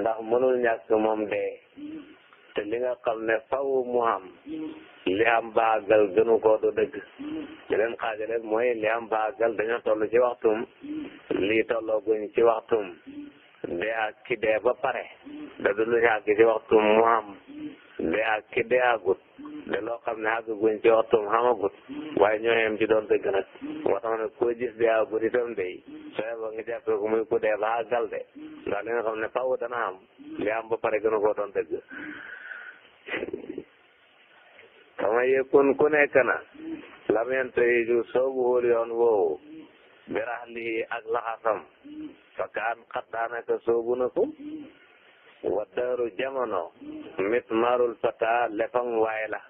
ndax mënul ñàkk moom dee te li nga xam ne faw mu am li am baagal gënu koo du dëgg li leen xaajale mooy li am baagal dañoo toll ci waxtum lii tolloo guñ ci waxtum dee ak ki ba pare da du lu ci àgg ci waxtu mu am dee ak ki de loo xam ne àgguñ ci waxtu mu xamagut waaye ñoo ci doon dëgg nag moo tax nag koo gis dee àggut itam day soo ba nga jàppee ko muy ba àggal de ndax li nga xam ne faaw dana am ba pare gënu ko doon dëgg kama yëkkun ku nekk na lamenta yi ju soobu hóol yoon woowu birax lii ak laxasam fakaan xat daanaka soobu na ko waddaaru jamono mit marul fata lefam la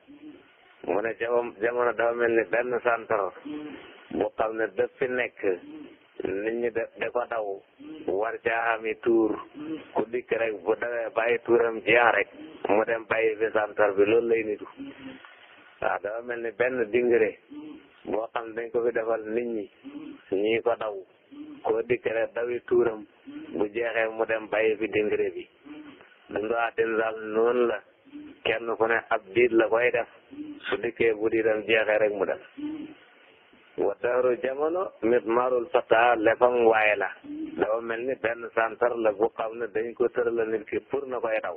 mu ne jamono dafa mel ni benn santar bu xam ne daf fi nekk nit ñi da ko daw war caaxami tuur ku dikk rek bu dawee bàyyi tuuram jeex rek mu dem bàyyi fi santar bi loolu lay nitu waaw dafa mel ni benn dingre boo xam dañ ko fi defal nit ñi ñii ko daw koo dikk rek dawi tuuram bu jeexe mu dem bàyyi bi dingire bi duñ ko wax dinsaam noonu la kenn ku ne ab diit la koy def su dikkee bu diitam jeexee rek mu dem wa dahru jamono mit marul fata lefam waay la dafa mel ni benn santar la bu xam ne dañ ko tëral la nit ki pour na koy daw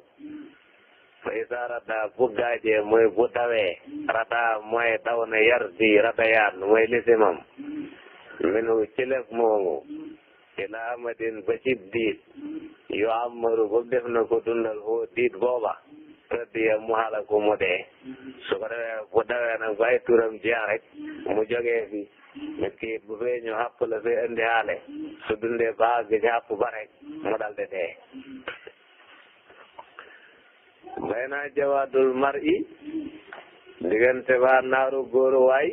fa isa rada bu gaajee mooy bu dawee rada mooy daw na yar di rada yaan mooy lisimam minu ci lef moomu ilaa amadin ba ci diit yoo amaru ba def na ko dundal foo diit booba radiya mu halaku mu dee su ko defee bu dawee nag ba ay turam jeex rek mu jógee fi ne kii bu fee ñu la fee indi xaale su dundee ba àgg ci ba rek mu dal di dee bayna jawaadul mar'i diggante ba naaru góoru waay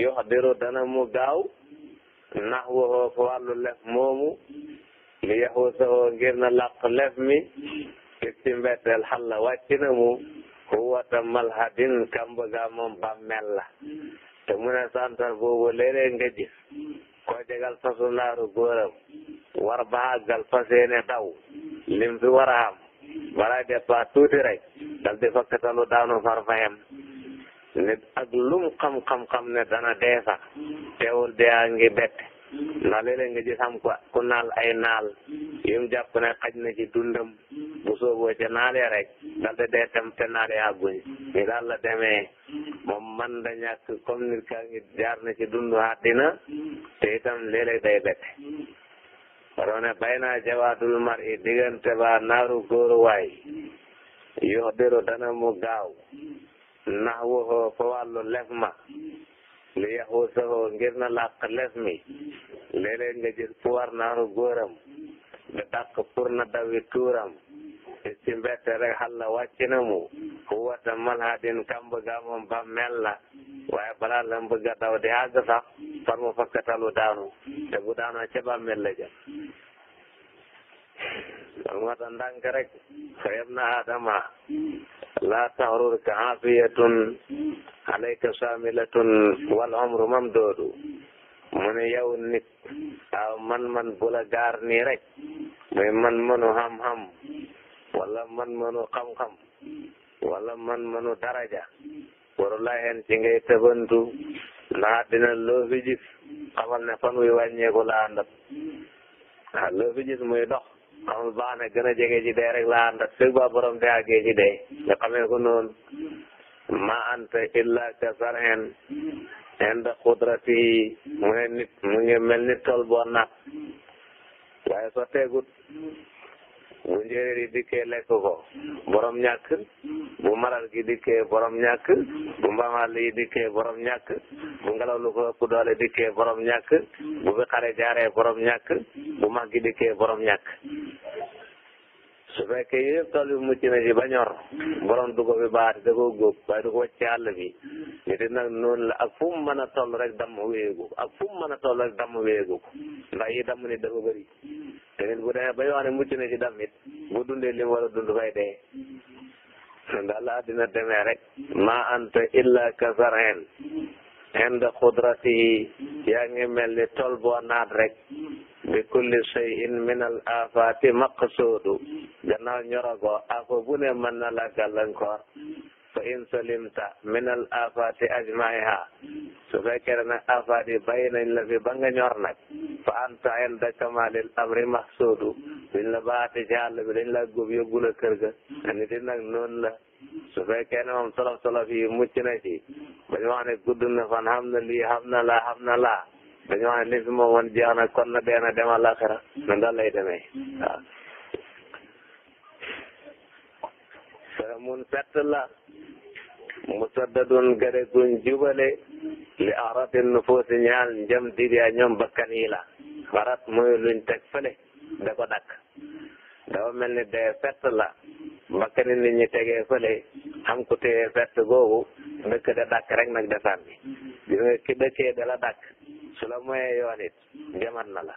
yox diru dana mu gaaw nax waxoo fa wàllu lef moomu li yaxu saxoo ngir na làq lef mi it ci mbetteel xal la wàcc na mu xuwata malhadin kàmbagaa moom bàmmeel la te mu ne santar boobu léeg nga gis koo jegal fasu naaru góoram war ba àggal fas daw lim fi war a am balaa départ tuuti rek dal di fakkatalu daanu far fahem nit ak lum xam-xam-xam ne dana dee sax teewul deyaa ngi bette ndax léeg-léeg nga gis ku naal ay naal yu jàpp ne xaj na ci dundam bu sooboo ca naal ya rek dal de dee tam te naal ya àgguñ ni daal la demee moom man da ñàkk comme nit kaa ngi jaar na ci dundu àddina te itam léeg day bette warone bay naa jawaadul mar i diggante ba naaru góoru waay yox dero dana mu gaaw nax waxoo fa wàllu lef ma li yaxu saxoo ngir na làq lef mi léeg-léeg nga gis ku war naaru góoram da dàq pour na dawi tuuram ci mbette rek xalla wàcc na mu xuwata malhadin kam bëgga moom ba mel la waaye balaa la bëgga daw di àgg sax far mu fakkatalu daanu te bu daanoo ca bàmmeel la jëm loolu moo tax ndànk rek fa yabna adama laa taxrur ka aafiyatun alayka saamilatun wal umru mamdoodu mu ne yow nit aw man man bula gaar nii rek muy man manu xam-xam wala man manu xam-xam wala man manu daraja warula hen ci ngay na ndax dina loo fi gis ne fan wi wàññeeku la àndat waaw loo fi muy dox xamul baax na gën a jege ci dee rek laa ndax dëgg ba borom dee àggee ci dee nga xamee ko noonu ma anta illa ka sarhen mu ne nit mu ngi mel ni tool boo naat waaye bu njéeréer yi dikkee lekk ko borom ñàkk bu maral gi dikkee borom ñàkk bu mbamal yi dikkee borom ñàkk bu ngelaw lu ko ëpp doole dikkee borom ñàkk bu bi xare jaaree borom ñàkk bu mag gi dikkee borom ñàkk su fekkee yëpp tool bi mucc na ci ba ñor borom du ko fi baati da koo góob waaye àll bi nit it nag la ak fu mu mën a toll rek damm wéyeeku ak fu mu mën a toll rek damm wéyeeku ndax yi damm nit dafa bëri te nit bu demee ba yoo xam ne mucc na ci damm it bu dundee li mu a dund fay dee ndax laa dina demee rek ma anta illa kasarin inda xudratihi yaa ngi mel ni tool boo naat rek li kulli shay'in min al afaati maqsuudu gannaaw ñorago afa bu ne mën na la gàllankoor fa in salimta min al afaati ajmaiha su fekkee nag afaat yi bàyyi nañ la fi ba nga ñor nag fa anta inda kamalil amri mahsuudu duñ la baati ci àll bi dañ la góob yóbbu la kër ga nit yi la su fekkee ne moom solof solof yi mucc na ci ba ñu wax ne na fan xam na lii xam dañoo ne li fi ma woon jeex na kon na dee na dem àllaaxira noonu daal lay demee waaw. mun perte la musaddadun gare guñ jubale li aratin nufuusi ñaal njëm diriya ñoom bakkan yi la arat mooy luñ teg fële da ko dakk dafa mel ni dee perte la bakkani nit ñi tegee fële xam ku téye perte googu dëkk da dakk rek nag desaan bi gis nga ki dëkkee da dakk su la a yoon it jamat na la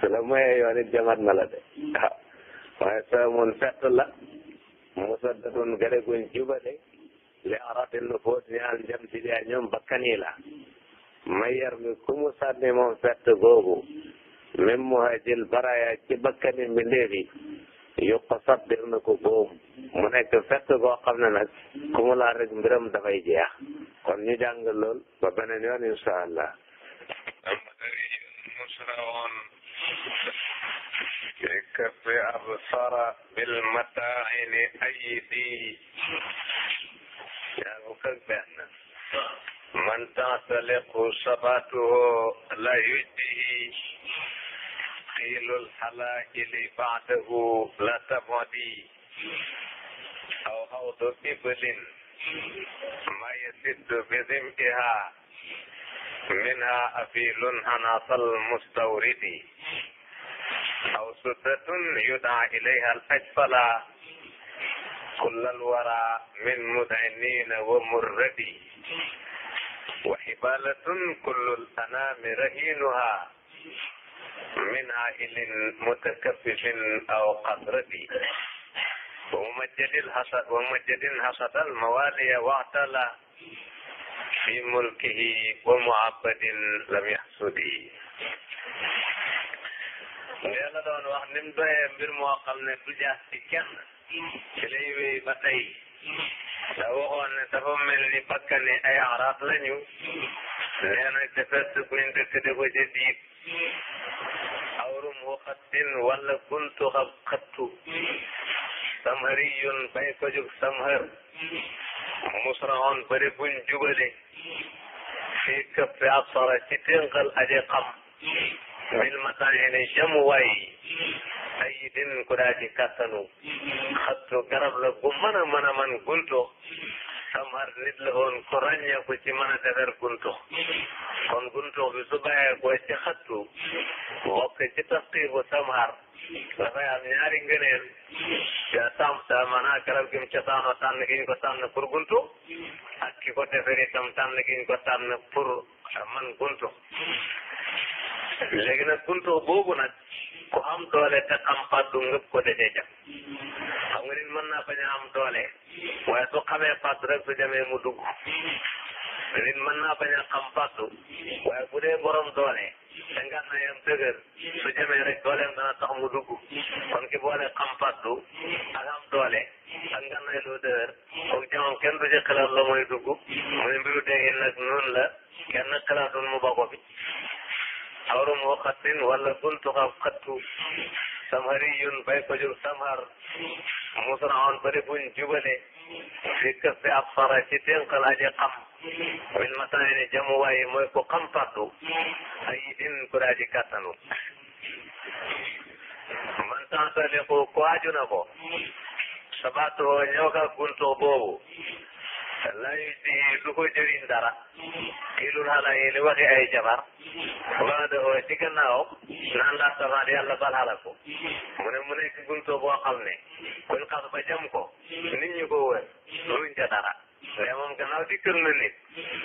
su la moyee yoon it na la de waaye saamun fett la musaddatun gale guñ jubale li aratin nu foot ni al jam ci lia ñoom bakkan la mayar mi ku mu sànni moom fett googu même mu hajil baraya ci bakkani mbindeef yi yokk sot def na ko góom mu nekk fett goo xam ne nag ku mu laal rek mbiram dafay jeex kon ñu jàng lool ba beneen yoon insha allah am ariyan musraon fi kafi absara bil mataini ayidi yaa ko kag benn man taxtaliqu sabatuhu la yuddihi نقيل الحلائل بعده لا تبعدي أو حوض إبل ما يسد بظمئها منها أفيل هناط المستورد أو سدة يدعى إليها الأجفل كل الورى من مدعنين ومردي وحبالة كل الأنام رهينها min aajilin mutakaffifin aw qasrati وممجد حسد وممجد حسد الموالي واعتلى في ملكه ومعبد لم يحسده nee la doon wax ni mu doyee mbir moo xam ne du jaas ci kenn ci lay wéy ba tey da waxoon ne dafa mel ni bakkani ay araat lañu nee nag te fekk buñ dëkk di ko ca diit mu xattin walla kuntu xab xattu samhariyun bay ko jóg samhar musraxoon bari buñ jubale fii këppe absara ci tënkal aje xam bil mataayini jamuwaay ay din ku daa ci kàttanu xattu garab la gu mën man gunto samar nit la woon ku ci mën a defar guntux kon guntux bi su bàyyee ko ci xattu bokk ci tasqiifu samar dafay am ñaari ngëneel ca tam ta maanaam garab gi mu ca tànn tànn gi ñu ko tànn pour guntux ak ki ko defar itam tànn gi ñu ko tànn pour man guntux léegi nag guntux boobu nag ku am doole te xam fàddu ko dajee jam xam nga nit mën naa bañ am doole waaye su xamee fàddu rek su jamee mu dugg nit mën naa bañ a xam fàddu waaye bu dee borom doole te nga nayam dëgër su rek dooleem dana tax mu kon ki boole xam fàddu ak am doole ak nga nay loo dëgër foog jamam kenn du ci xalaat la mooy dugg mu ne mbiru dégg nag noonu la kenn xalaatul mu bako bi awrum wu xattin walla buntu xab xattu samhariyun bay ko jur samhar musraun bari buñ jubale fi kës di ab fara ci tenqal aje xam min masaani jamuwaay mooy ku xam fardu ay din ku daa ji kàttanu man tansaliku ku aju na ko sabaatoo ñëw ka guntu boobu lay si du ko jëriñ dara xiilul xalayeeli waxi ay jabar waa de oo ci gannaaw naan laa samaat yàlla bal xala ko mu ne mu nekk gunto boo xam ne kuñ ba jam ko nit ñi ko wër luñ ca dara mais moom gannaaw dikkal na nit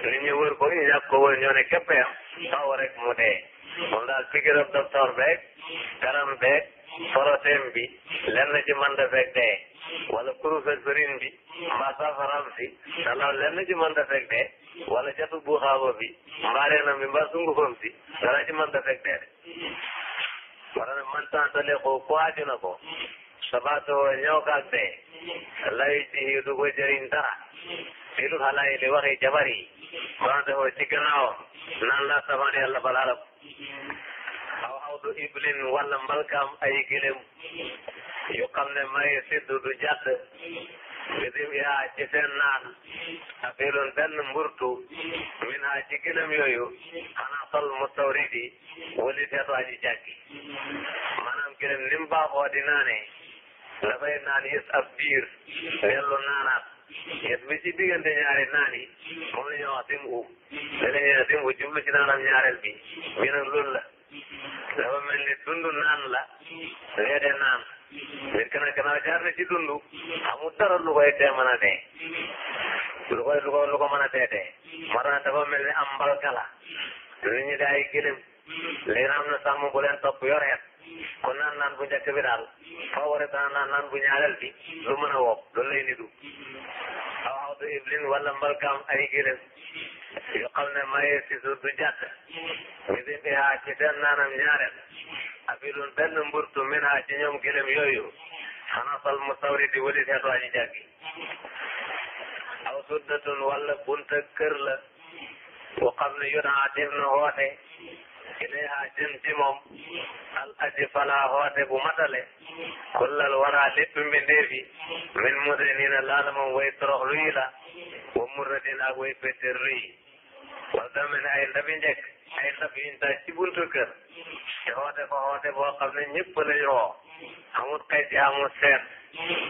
nit ñi wër ko ñu jàpp ko wër ñoo ne képp taw rek mu dee moom daal fikiram docteur beeg karam beeg foroteem bi lenn ci mën da fekk dee wala kurufeg sëriñ bi mbaa safaram si danaw lenn ci mën da fekk dee wala jatu buxaaba bi mbaa bi mbaa sungufam si dana ci mën da fekk dee de wala ne man tan tale ko ko aju na ko sabato ñëw kaag dee lay ci du ko jëriñ dara li dul xalaay li waxi jabar yi konte ci gannaawam nan la saban yàlla bal arab axudu iblin wala mbalkaam ay gëlëm yu xam ne may siddu du jàdd bisim yaa ci seen naan afilun benn mburtu min haa ci gëlëm yooyu xanaa sol mustawridi wali seetu aji jàkki maanaam gëlëm lim baaxoo di naane dafay naan yës ab biir dellu naanaat yës bi ci diggante ñaari naan yi moom la ñuy bi ñu ne loolu la dafa mel ni dund naan la weede naan mbir ka nag gannaaw jaar na ci dund amul dara lu koy dee mën a dee lu koy lu ko lu ko mën a dee dee moo tax mel ni am mbalka la nit ñi daay gëlëm léegi am na sàmm yor xeet kon naan naan bu njëkk bi daal foo war a dana bi lu mën a wopp loolu lay nidu aw xaw ibline wala mbalkaam ay yoo xam ne maye si suuf du jàdd mi mm-hmm. di bihaa ci den naanam ñaareel mm-hmm. abilun benn mburtu min haa ci ñoom gëlëm yooyu xanasal mm-hmm. mu sawri di wëli seetu aji jàggi aw suddatun walla bunta kër la bu xam ne yu naa def na woote ilayha jëm ci moom al aji fala hoote bu matale kullal wara lépp mbindeefi min mudenina laala moom way torox luyi la wa murradin ak way péter luyi wal damene ay ndabi njëkk ay ndab yuñ taaj ci buntu kër te hoote ko hoote boo xam ne ñëpp lañ woo amul kay ci amul seet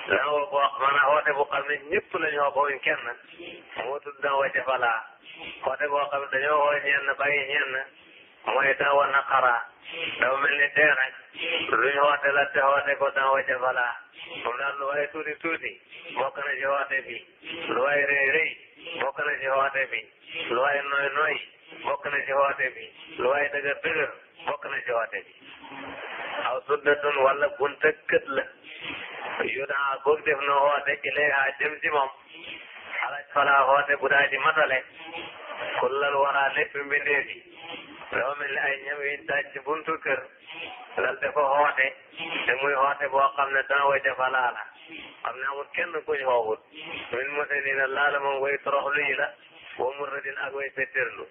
lan woo ko maanaam hoote bu xam ne ñëpp lañ woo ko wuñ kenn moo tudd na wacce fala hoote boo xam ne dañoo woo ñenn bàyyi ñenn mooy taw wa naqara dafa mel ni dee nag luñ xoote la te xoote ko daan wàcce balaa moom daal lu waay tuuti tuuti bokk na ci xoote bi lu waay rëy rëy bokk na ci xoote bi lu waay nooy nooy bokk na ci xoote bi lu waay dëgër dëgër bokk na ci xoote bi aw suddatun walla bunta kët la yu daa goog def na xoote ilayha jëm ci moom xalaj fala xoote bu daa di matale kullal wara lépp mbindeef yi loo mel ni ay ñam yuñ taaj ci lal de ko xoote te boo xam ne dana way defa laala xam ne amul kenn kuñ xoowut min mose nii na laala moom way toroxlu yi la wa muradin ak way fetterlu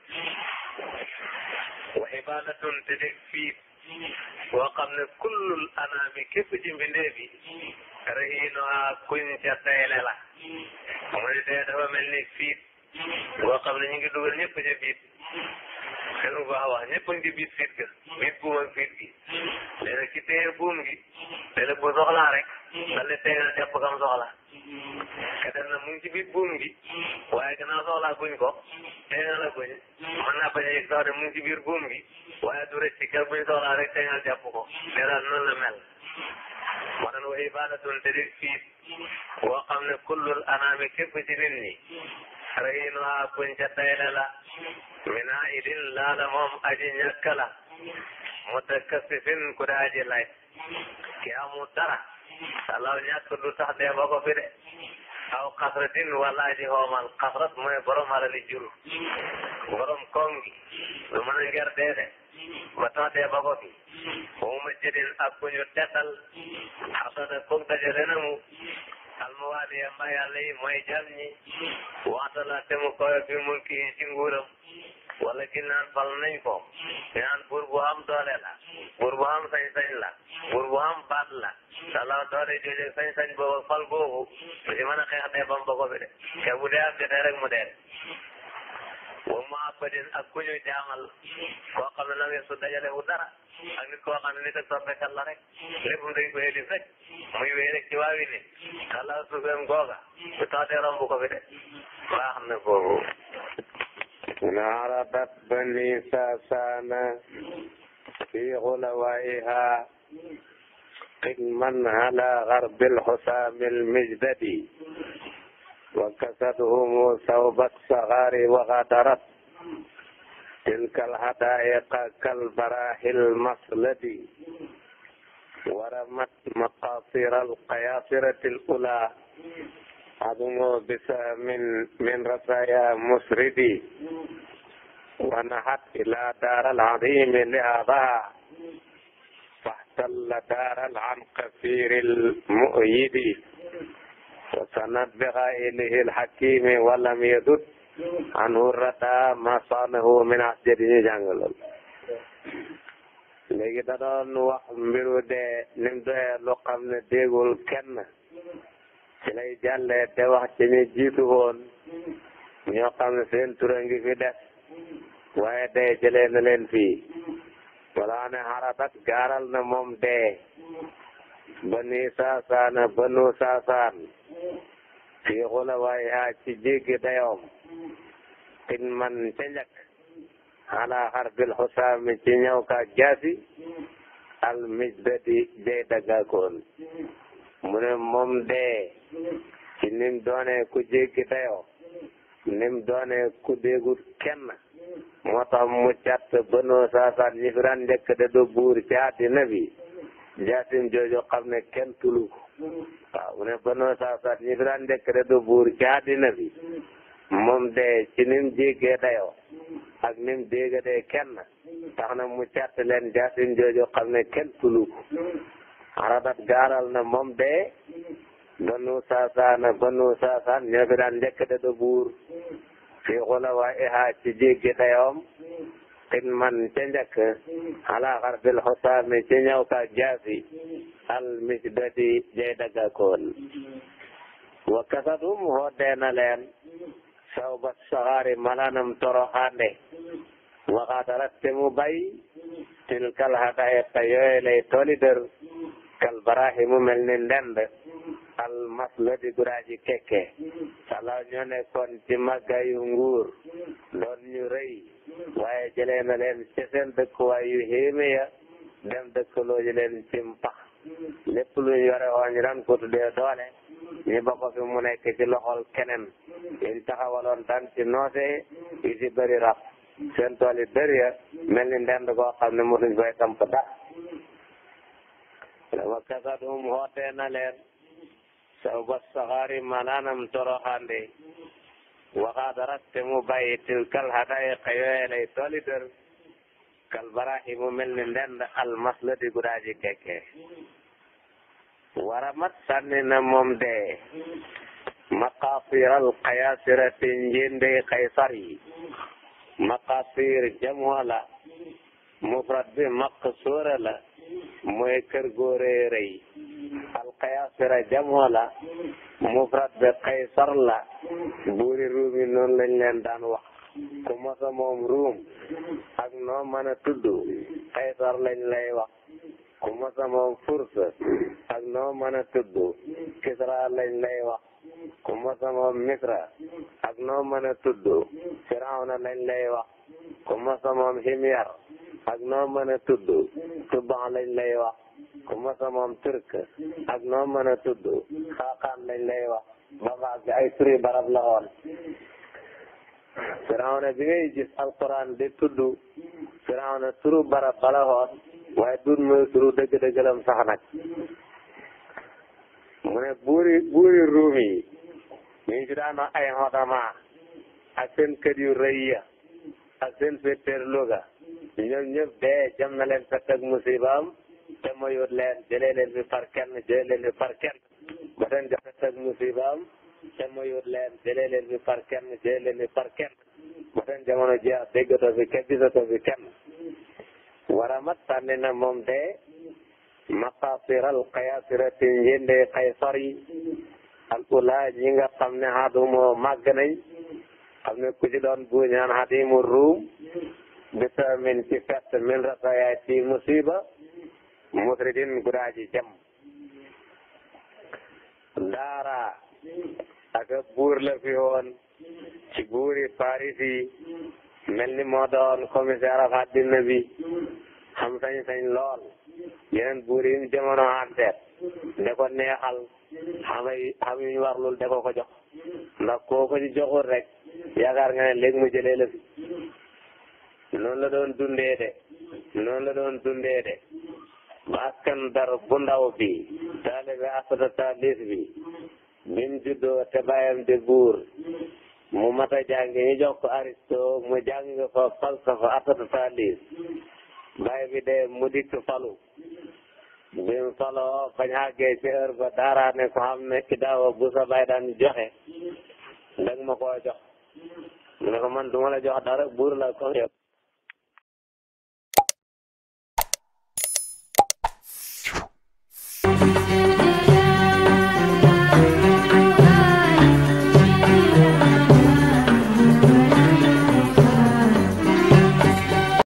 wa ibadatun te deg fiit boo xam ne kullul anaami képp ci mbindéef yi rahiinoha kuñ ca teyle la mu ne dee dafa mel ni fiit boo xam ne ñu ngi dugal ñëpp fiit xel bu baax wax ñëpp a ngi biir fiit ga biir buumam fiit gi léegi ci téye buum gi léegi bu soxlaa rek dal di soxla ka def na mu ngi ci biir buum gi waaye gannaaw soxlaa guñ ko tegal a guñ mën naa bañ a yëg sax de mu ngi ci biir buum gi waaye du rëcc kër buñ soxlaa rek tegal jàpp ko ne daal noonu la mel moo tax wa ibadatun reyinu a kunca dayle la mina idin laala moom aji ñàkk la mu dëkk sifin ku daa ji lay ki amu dara salaw ñàkk du tax dee ba de aw xasratin wala aji xoomal xasrat mooy borom alali jur borom koom gi du mën a nger dee de ba tax dee ba ko fi wa mu majjadin ak ku ñu tetal xasada koog dajale mu almawaali ma yàlla yi mooy jàmm ñi waxta la te mu koy fi mulki yi ci nguuram wala ki naan fal nañ ko naan buur bu am la buur bu am sañ la buur bu am la talaw doole jooje sañ-sañ boobu fal boobu lu ci mën a xeex dee bam ba ko fi de te bu dee am jotee rek mu dee wa mu abadin ak ku ñu jaamal koo ak nit koo xam ne nit ak soppeekat la rek lépp mu dañ ko yëlif rek muy wéy rek ci waawi ni xalaat suufeem googa bu taxatee romb ko fi de baax na foofu narabat bani saasaana fi xulawaayiha qidman ala garbil xusaamil mijdadi wa kasadhumu sawbat saxaari waxadarat tilka alhadaiqa kalbarahil masladi waramat maqasira alqayasirati alula adumo bisahmin min rasaya musridi ونحت إلى دار العظيم لهذا فاحتل دار العنقفير المؤيد وسند بغائله الحكيم ولم يدد an hurrata masanahu min asjadi ñu jàng lool léegi da doon wax mbiru dee nim ne déggul kenn ci lay jàllee te wax ci ñu jiitu woon ñoo xam ne seen tura ngi fi des waaye dee jëlee na ne xaratat gaaral na moom dee bani saasaana banu saasaan fii xula waaye in man ca njëkk ala xarfil xusaami ci ñëw ka jaasi al mijdati jay daggaakoon mu ne moom dee ci nim doone ku jéggi dayoo nim doone ku déegut kenn moo tax mu càtt banoo saasaan ñi fi daan njëkk da do buur ci àddina bi jaasim jooju xam ne kenn tulu ko waaw mu ne banoo saasaan ñi fi daan njëkk da do buur ci àddina bi moom de ci ni mu jéggee dayoo ak ni mu déggatee kenn tax na mu càtt leen jaasin jooju ne kenn tuluku xaradat gaaral na moom de banu saasaan banu saasaan ñoo fi daan njëkk da da buur fi xula waa iha ci jéggi dayoom xin man ca njëkk xalaa xarfil xosaami ci ñëw ka jaasi al misdati jay daggakoon wa kasatum hoddee na leen sawba saxaari malaanam toroxaande waxaatarat te mu bay tilkal hadayiqa yooye lay tooli dër kal barahi mu mel ni ndend al masla di guraaji kekke salaaw ñoo nekkoon ci màggayu nguur doon ñu rëy waaye jëlee na leen ci seen dëkkuwaay yu xéeme ya dem dëkkalooji leen ci mpax lépp luñ yore woon ñu daan ko tuddee doole ba ko fi mu nekk ci loxol keneen yéen taxawaloon tan ci noose yi si rab seen tool yi ya mel ni ndend koo xam ne mënuñ fay samp dara wa kasadum xootee na leen saw ba saxaari maanaam toroxande waxaa dara te mu bàyyi tilkal xadayiqa yooye lay tooli dër kal barahi mu mel ni ndend almasladi gudaaji kekke waramat sànni na moom dee maqaasiral qayaasirati njéendey qaysar yi maqaasir jamoo la mufrad bi maqsuura la mooy kër góoree rëy alqayaasira jamoo la mufrad bi qaysar la buuri ruum yi noonu lañ leen daan wax ku mosa moom ruum ak noo mën a tudd qaysar lañ lay wax ku mosa moom furs ak noo mën a tudd kisra lañ lay wax ku mosoon misra ak noo mën a tudd firawna lañ lay wax ku mosoon himyar ak noo mën a tudd tuban lañ lay wax ku mosoon turk ak noo mën a tudd xaqaan lañ lay wax ba maag ay turi barab la woon firawna bi ngay gis alquran di tudd firawna turu barab bala woon waaye dun mooy turu dëgg-dëggalam sax nag mu ne buuri buuri ruum yi ñu ci ay xodamaa ak seen kër yu rëy ya ak seen féetéer Louga ñoom ñëpp na leen fekk ak musibaam te mayut leen jëlee leen par kenn jëlee leen fi par kenn ba seen jam fekk ak musibaam leen jëlee leen par kenn jëlee leen par kenn ba seen jamono jeex déggatoo fi kenn gisatoo fi kenn waramat sànni na moom dee maqaasiral qayaasirati njëndee qaysar al ulaa ñi nga xam ne hadumoo màgg nañ ne ku doon buñaan hadimu ruum bisa min ci fett min rasayaay ci musiba musridin gudaaji jam daara aga buur la fi woon ci buuri Paris yi mel ni moo doon commissaire af àddina bi xam sañ-sañ lool yeneen buur yi jamono àndeet ne ko neexal xamay xam yu ñu wax loolu ko ko jox ndax koo ko ci joxul rek yaakaar nga ne léegi mu jëlee la fi noonu la doon dundee de noonu la doon dundee de ba askan dar bu ndaw bi taalibe asata taalis bi bim juddoo te bàyyam di buur mu mata jàngi ñu jox ko aristo mu jàng fa falsafa asata taalis baay bi de mu dikk falu bi mu faloo bañ àggee ci ba daaraa ne ko xam ne idaawa bu sa baay daan joxe danga ma koo jox ne man duma la jox dara buur la ko yow